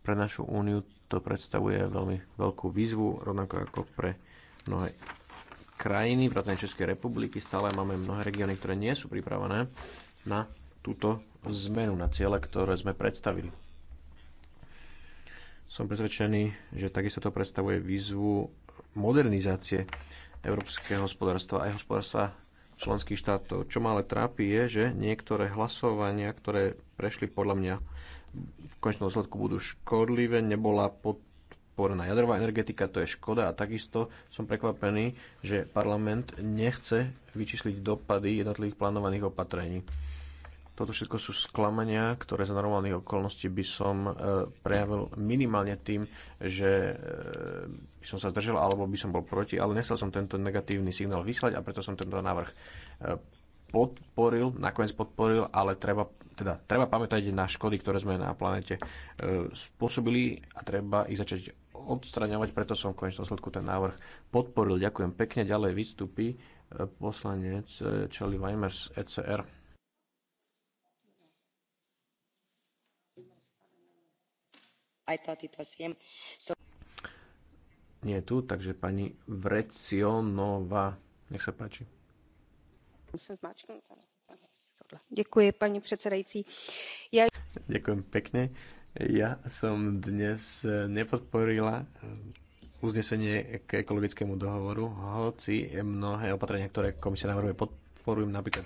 Pre našu úniu to predstavuje veľmi veľkú výzvu, rovnako ako pre mnohé krajiny, vrátane Českej republiky. Stále máme mnohé regióny, ktoré nie sú pripravené na túto zmenu, na ciele, ktoré sme predstavili. Som presvedčený, že takisto to predstavuje výzvu modernizácie európskeho hospodárstva aj hospodárstva členských štátov. Čo ma ale trápi je, že niektoré hlasovania, ktoré prešli podľa mňa v končnom dôsledku budú škodlivé, nebola podporená jadrová energetika, to je škoda a takisto som prekvapený, že parlament nechce vyčísliť dopady jednotlivých plánovaných opatrení. Toto všetko sú sklamania, ktoré za normálnych okolností by som e, prejavil minimálne tým, že e, by som sa zdržal alebo by som bol proti, ale nechcel som tento negatívny signál vyslať a preto som tento návrh e, podporil, nakoniec podporil, ale treba, teda, treba pamätať na škody, ktoré sme na planete spôsobili a treba ich začať odstraňovať, preto som v konečnom sledku ten návrh podporil. Ďakujem pekne, ďalej vystupí poslanec Charlie Weimers ECR. aj thought it So... Nie je tu, takže pani Vrecionová. Nech sa páči. Musím zmačknúť. Ďakujem, pani predsedajúci. Ja... Ďakujem pekne. Ja som dnes e, nepodporila e, uznesenie k ekologickému dohovoru, hoci mnohé opatrenia, ktoré komisia navrhuje, pod podporujem napríklad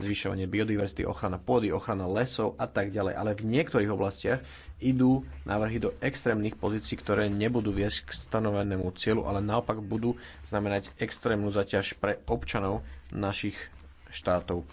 zvyšovanie biodiverzity, ochrana pôdy, ochrana lesov a tak ďalej. Ale v niektorých oblastiach idú návrhy do extrémnych pozícií, ktoré nebudú viesť k stanovenému cieľu, ale naopak budú znamenať extrémnu zaťaž pre občanov našich štátov.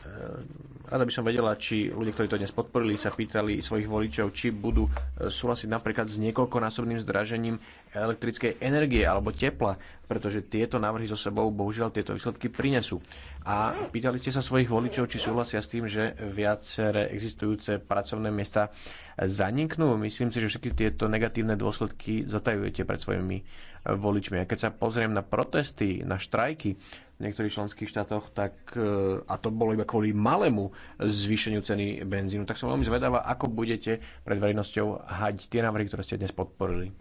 Ehm, rada by som vedela, či ľudia, ktorí to dnes podporili, sa pýtali svojich voličov, či budú e, súhlasiť napríklad s niekoľkonásobným zdražením elektrickej energie alebo tepla, pretože tieto návrhy so sebou bohužiaľ tieto výsledky prinesú. A pýtali ste sa svojich voličov, či súhlasia s tým, že viaceré existujúce pracovné miesta zaniknú. Myslím si, že všetky tieto negatívne dôsledky zatajujete pred svojimi voličmi. A keď sa pozriem na protesty, na štrajky, v niektorých členských štátoch, tak, e, a to bolo iba kvôli malému zvýšeniu ceny benzínu. Tak som veľmi zvedavá, ako budete pred verejnosťou hať tie návrhy, ktoré ste dnes podporili.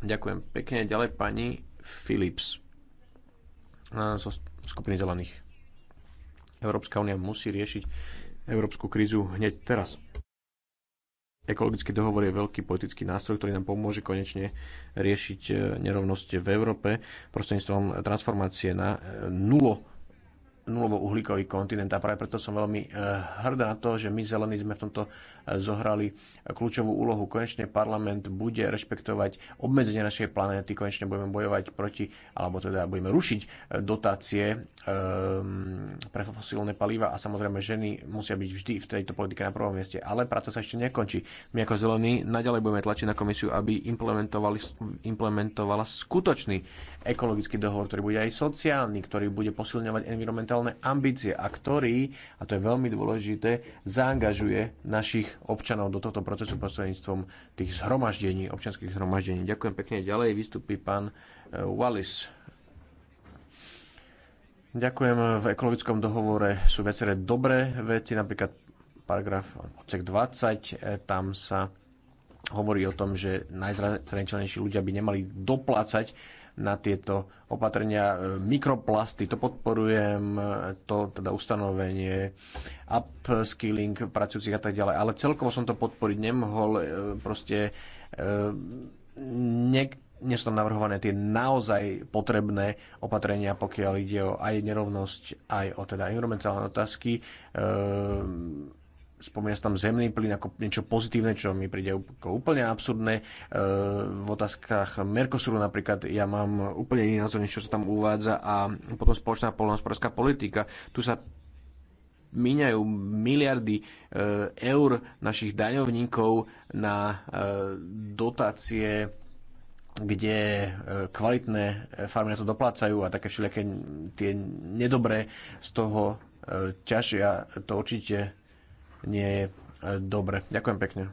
Ďakujem pekne. Ďalej pani Philips e, zo skupiny zelených. Európska únia musí riešiť európsku krízu hneď teraz. Ekologický dohovor je veľký politický nástroj, ktorý nám pomôže konečne riešiť e, nerovnosti v Európe prostredníctvom transformácie na e, nulo nulovo uhlíkový kontinent a práve preto som veľmi e, hrdá na to, že my zelení sme v tomto e, zohrali kľúčovú úlohu. Konečne parlament bude rešpektovať obmedzenie našej planéty, konečne budeme bojovať proti, alebo teda budeme rušiť e, dotácie pre fosílne paliva a samozrejme ženy musia byť vždy v tejto politike na prvom mieste. Ale práca sa ešte nekončí. My ako zelení naďalej budeme tlačiť na komisiu, aby implementovala skutočný ekologický dohovor, ktorý bude aj sociálny, ktorý bude posilňovať environmentálne environmentálne ambície a ktorý, a to je veľmi dôležité, zaangažuje našich občanov do tohto procesu prostredníctvom tých zhromaždení, občanských zhromaždení. Ďakujem pekne. Ďalej vystupí pán e, Wallis. Ďakujem. V ekologickom dohovore sú viaceré dobré veci, napríklad paragraf odsek 20, e, tam sa hovorí o tom, že najzraniteľnejší ľudia by nemali doplácať na tieto opatrenia. E, mikroplasty, to podporujem, e, to teda ustanovenie, upskilling pracujúcich a tak ďalej, ale celkovo som to podporiť nemohol, e, proste ne, nie sú tam navrhované tie naozaj potrebné opatrenia, pokiaľ ide o aj nerovnosť, aj o teda environmentálne otázky. Ehm, spomína sa tam zemný plyn ako niečo pozitívne, čo mi príde úplne absurdné. E, v otázkach Mercosuru napríklad ja mám úplne iný názor, niečo sa tam uvádza a potom spoločná polnohospodárska politika. Tu sa míňajú miliardy e, eur našich daňovníkov na e, dotácie kde kvalitné farmy na to doplácajú a také všelijaké tie nedobré z toho ťažia. To určite nie je e, dobre. Ďakujem pekne.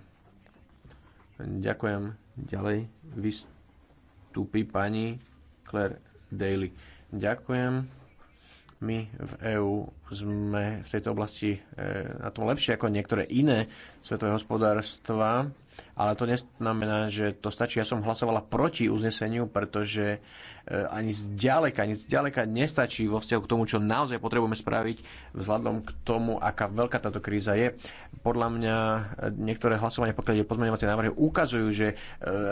Ďakujem. Ďalej vystúpi pani Claire Daly. Ďakujem. My v EÚ sme v tejto oblasti e, na tom lepšie ako niektoré iné svetové hospodárstva, ale to neznamená, že to stačí. Ja som hlasovala proti uzneseniu, pretože Eh, ani zďaleka, ani zďaleka nestačí vo vzťahu k tomu, čo naozaj potrebujeme spraviť vzhľadom k tomu, aká veľká táto kríza je. Podľa mňa eh, niektoré hlasovanie, pokiaľ je pozmeňovacie návrhy, ukazujú, že eh,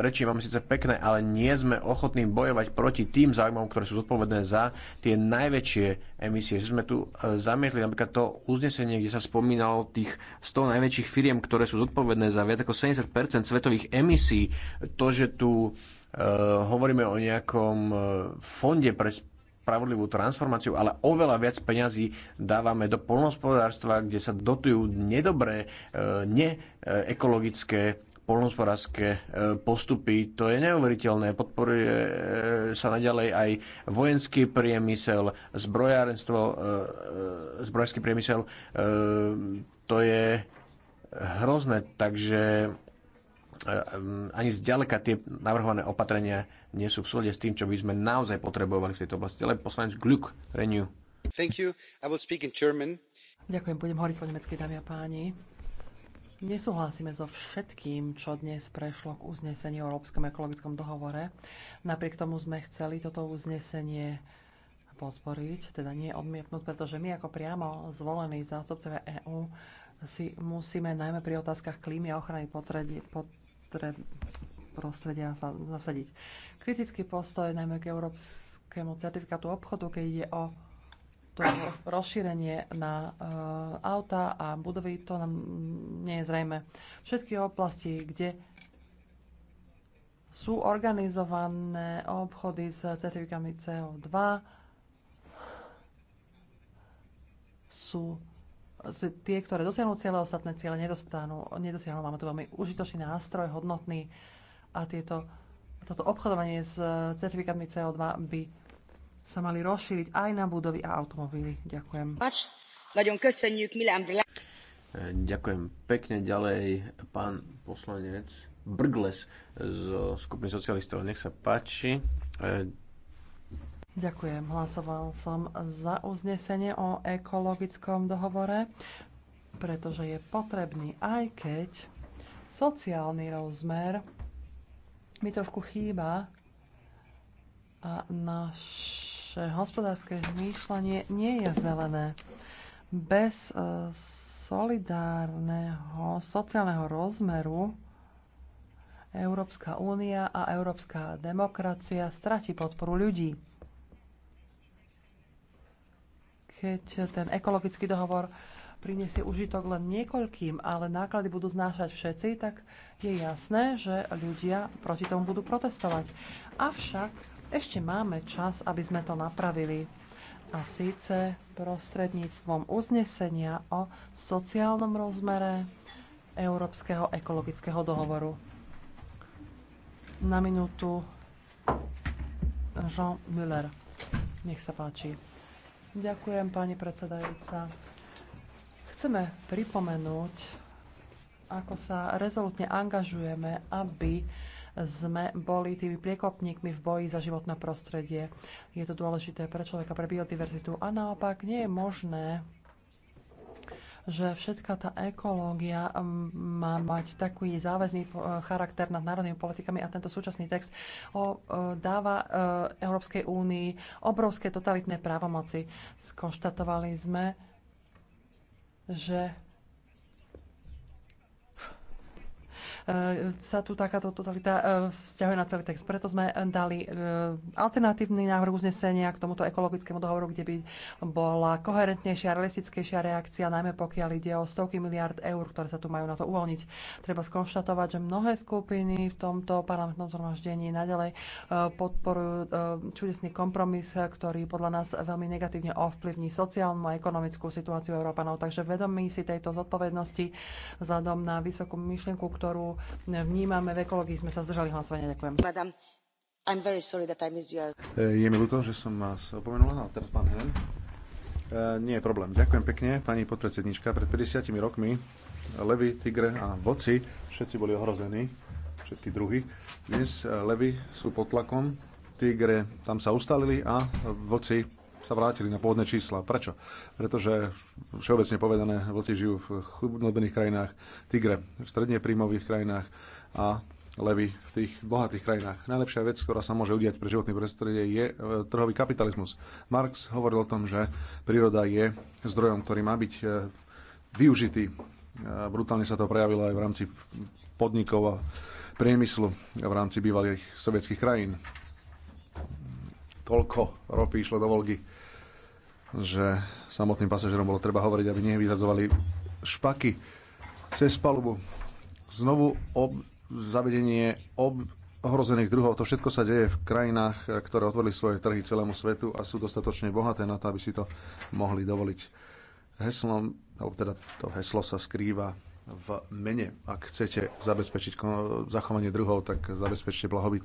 reči máme síce pekné, ale nie sme ochotní bojovať proti tým záujmom, ktoré sú zodpovedné za tie najväčšie emisie. Že sme tu zamietli napríklad to uznesenie, kde sa spomínalo tých 100 najväčších firiem, ktoré sú zodpovedné za viac ako 70 svetových emisí. To, že tu Eh, hovoríme o nejakom eh, fonde pre spravodlivú transformáciu, ale oveľa viac peňazí dávame do polnospodárstva, kde sa dotujú nedobré, eh, neekologické polnohospodárske postupy. To je neuveriteľné. Podporuje sa naďalej aj vojenský priemysel, zbrojárenstvo, zbrojársky priemysel. To je hrozné, takže Ehm, ani zďaleka tie navrhované opatrenia nie sú v súlade s tým, čo by sme naozaj potrebovali v tejto oblasti. Ale poslanec Gluck, Renew. Thank you. I will speak in German. Ďakujem, budem hovoriť po nemecky, dámy a páni. Nesúhlasíme so všetkým, čo dnes prešlo k uzneseniu o Európskom ekologickom dohovore. Napriek tomu sme chceli toto uznesenie podporiť, teda nie odmietnúť, pretože my ako priamo zvolení zástupcovia EÚ si musíme najmä pri otázkach klímy a ochrany potreby, ktoré prostredia zasadiť. Kritický postoj najmä k európskemu certifikátu obchodu, keď ide o to rozšírenie na uh, auta a budovy, to nám nie je zrejme. Všetky oblasti, kde sú organizované obchody s certifikami CO2, sú tie, ktoré dosiahnu cieľe, ostatné cieľe nedostanú, nedosiahnu. Máme tu veľmi užitočný nástroj, hodnotný a tieto, toto obchodovanie s certifikátmi CO2 by sa mali rozšíriť aj na budovy a automobily. Ďakujem. Ďakujem pekne. Ďalej pán poslanec Brgles zo skupiny socialistov. Nech sa páči. Ďakujem. Hlasoval som za uznesenie o ekologickom dohovore, pretože je potrebný, aj keď sociálny rozmer mi trošku chýba a naše hospodárske zmýšľanie nie je zelené. Bez e, solidárneho sociálneho rozmeru Európska únia a európska demokracia stratí podporu ľudí. keď ten ekologický dohovor prinesie užitok len niekoľkým, ale náklady budú znášať všetci, tak je jasné, že ľudia proti tomu budú protestovať. Avšak ešte máme čas, aby sme to napravili. A síce prostredníctvom uznesenia o sociálnom rozmere Európskeho ekologického dohovoru. Na minútu Jean Müller. Nech sa páči. Ďakujem, pani predsedajúca. Chceme pripomenúť, ako sa rezolutne angažujeme, aby sme boli tými priekopníkmi v boji za životné prostredie. Je to dôležité pre človeka, pre biodiverzitu a naopak nie je možné že všetká tá ekológia um, má mať taký záväzný eh, charakter nad národnými politikami a tento súčasný text o, eh, dáva eh, Európskej únii obrovské totalitné právomoci. Skonštatovali sme, že E, sa tu takáto totalita e, vzťahuje na celý text. Preto sme dali e, alternatívny návrh uznesenia k tomuto ekologickému dohovoru, kde by bola koherentnejšia, realistickejšia reakcia, najmä pokiaľ ide o stovky miliard eur, ktoré sa tu majú na to uvoľniť. Treba skonštatovať, že mnohé skupiny v tomto parlamentnom zhromaždení naďalej podporujú čudesný kompromis, ktorý podľa nás veľmi negatívne ovplyvní sociálnu a ekonomickú situáciu Európanov. Takže vedomí si tejto zodpovednosti vzhľadom na vysokú myšlienku, ktorú vnímame. V ekológii sme sa zdržali hlasovania. Ďakujem. I'm very sorry that I missed you. E, je mi ľúto, že som vás opomenula. Teraz pán Hen. E, nie je problém. Ďakujem pekne, pani podpredsednička. Pred 50 rokmi levy, tigre a voci všetci boli ohrození, všetky druhy. Dnes levy sú pod tlakom, tigre tam sa ustalili a voci sa vrátili na pôvodné čísla. Prečo? Pretože všeobecne povedané, vlci žijú v chudobných krajinách, tigre v stredne príjmových krajinách a levy v tých bohatých krajinách. Najlepšia vec, ktorá sa môže udiať pre životné prostredie, je e, trhový kapitalizmus. Marx hovoril o tom, že príroda je zdrojom, ktorý má byť e, využitý. E, brutálne sa to prejavilo aj v rámci podnikov a priemyslu v rámci bývalých sovietských krajín toľko ropy išlo do Volgy, že samotným pasažerom bolo treba hovoriť, aby nevyzadzovali špaky cez palubu. Znovu ob, zavedenie ob, ohrozených druhov. To všetko sa deje v krajinách, ktoré otvorili svoje trhy celému svetu a sú dostatočne bohaté na to, aby si to mohli dovoliť. Heslom, alebo teda to heslo sa skrýva v mene. Ak chcete zabezpečiť zachovanie druhov, tak zabezpečte blahobyt.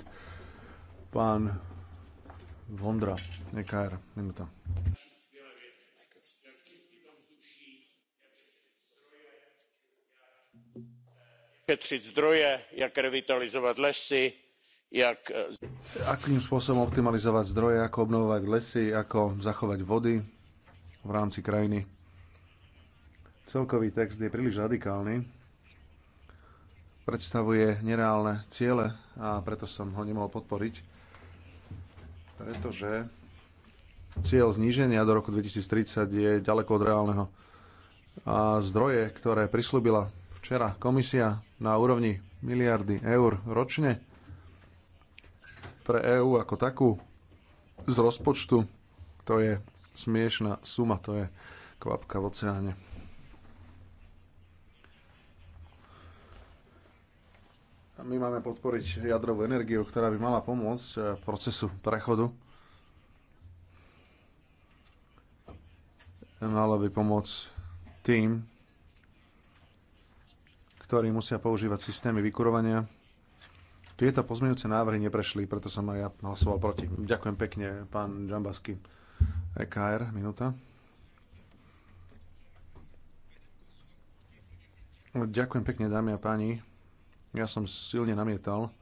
Pán Vondra, EKR, minúta. šetriť zdroje, jak revitalizovať lesy, jak... Eh, Akým spôsobom optimalizovať zdroje, ako obnovovať lesy, ako zachovať vody v rámci krajiny. Celkový text je príliš radikálny, predstavuje nereálne ciele a preto som ho nemohol podporiť pretože cieľ zníženia do roku 2030 je ďaleko od reálneho. A zdroje, ktoré prislúbila včera komisia na úrovni miliardy eur ročne pre EÚ ako takú z rozpočtu, to je smiešná suma, to je kvapka v oceáne. My máme podporiť jadrovú energiu, ktorá by mala pomôcť eh, procesu prechodu. Mala by pomôcť tým, ktorí musia používať systémy vykurovania. Tieto pozmeňujúce návrhy neprešli, preto som aj ja hlasoval proti. Ďakujem pekne, pán Džambasky. EKR, minúta. Ďakujem pekne, dámy a páni. Ja som silne namietal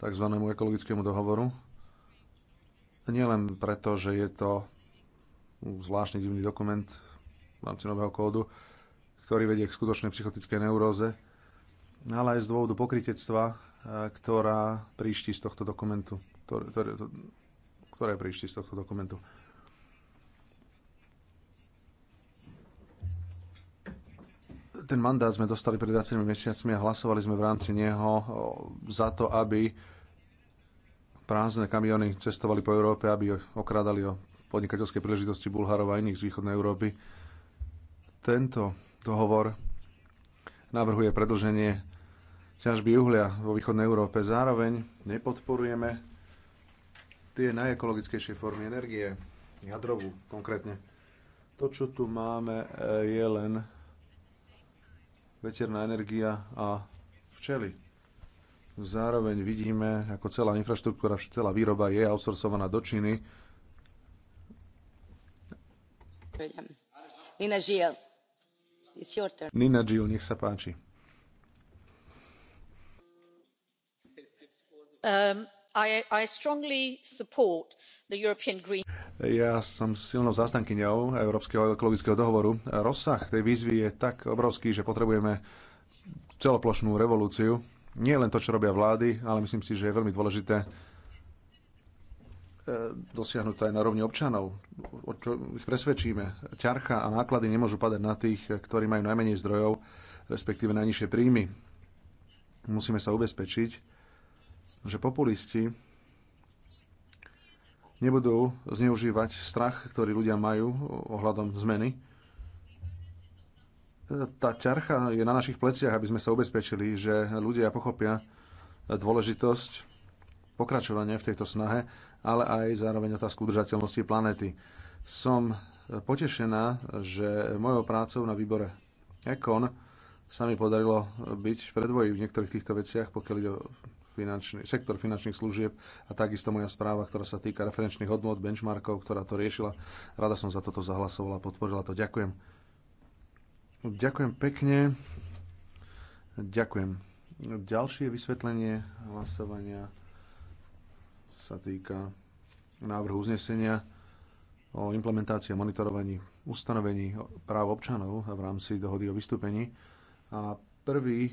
tzv. ekologickému dohovoru. Nielen preto, že je to zvláštny divný dokument v rámci nového kódu, ktorý vedie k skutočnej psychotickej neuróze, ale aj z dôvodu pokritectva, eh, ktorá príšti z tohto dokumentu. Ktoré, ktoré, ktoré príští z tohto dokumentu. ten mandát sme dostali pred 20 mesiacmi a hlasovali sme v rámci neho za to, aby prázdne kamiony cestovali po Európe, aby okrádali o podnikateľské príležitosti Bulharov a iných z východnej Európy. Tento dohovor navrhuje predlženie ťažby uhlia vo východnej Európe. Zároveň nepodporujeme tie najekologickejšie formy energie, jadrovú konkrétne. To, čo tu máme, je len veterná energia a včely. Zároveň vidíme, ako celá infraštruktúra, celá výroba je outsourcovaná do Číny. Nina Gill. It's your turn. Nina Gill, nech sa páči. Um, ja som silnou zastankyňou Európskeho ekologického dohovoru. Rozsah tej výzvy je tak obrovský, že potrebujeme celoplošnú revolúciu. Nie len to, čo robia vlády, ale myslím si, že je veľmi dôležité e, dosiahnuť aj na rovni občanov. O čo ich presvedčíme. Ťarcha a náklady nemôžu padať na tých, ktorí majú najmenej zdrojov, respektíve najnižšie príjmy. Musíme sa ubezpečiť, že populisti nebudú zneužívať strach, ktorý ľudia majú ohľadom zmeny. Tá ťarcha je na našich pleciach, aby sme sa ubezpečili, že ľudia pochopia dôležitosť pokračovania v tejto snahe, ale aj zároveň otázku udržateľnosti planéty. Som potešená, že mojou prácou na výbore EKON sa mi podarilo byť predvoji v niektorých týchto veciach, pokiaľ ide o finančný, sektor finančných služieb a takisto moja správa, ktorá sa týka referenčných hodnot, benchmarkov, ktorá to riešila. Rada som za toto zahlasovala, a podporila to. Ďakujem. Ďakujem pekne. Ďakujem. Ďalšie vysvetlenie hlasovania sa týka návrhu uznesenia o implementácii a monitorovaní ustanovení práv občanov v rámci dohody o vystúpení. A prvý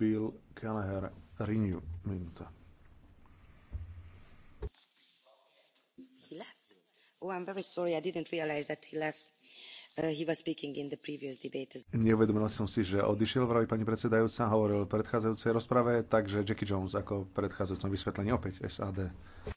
byl Kelleher. Renew minúta. He left. Oh, I'm very sorry, I didn't realize that he left. Uh, he was speaking in the previous debate. Neuvedomila som si, že odišiel, vraví pani predsedajúca, hovoril v predchádzajúcej rozprave, takže Jackie Jones ako predchádzajúcom vysvetlení opäť SAD.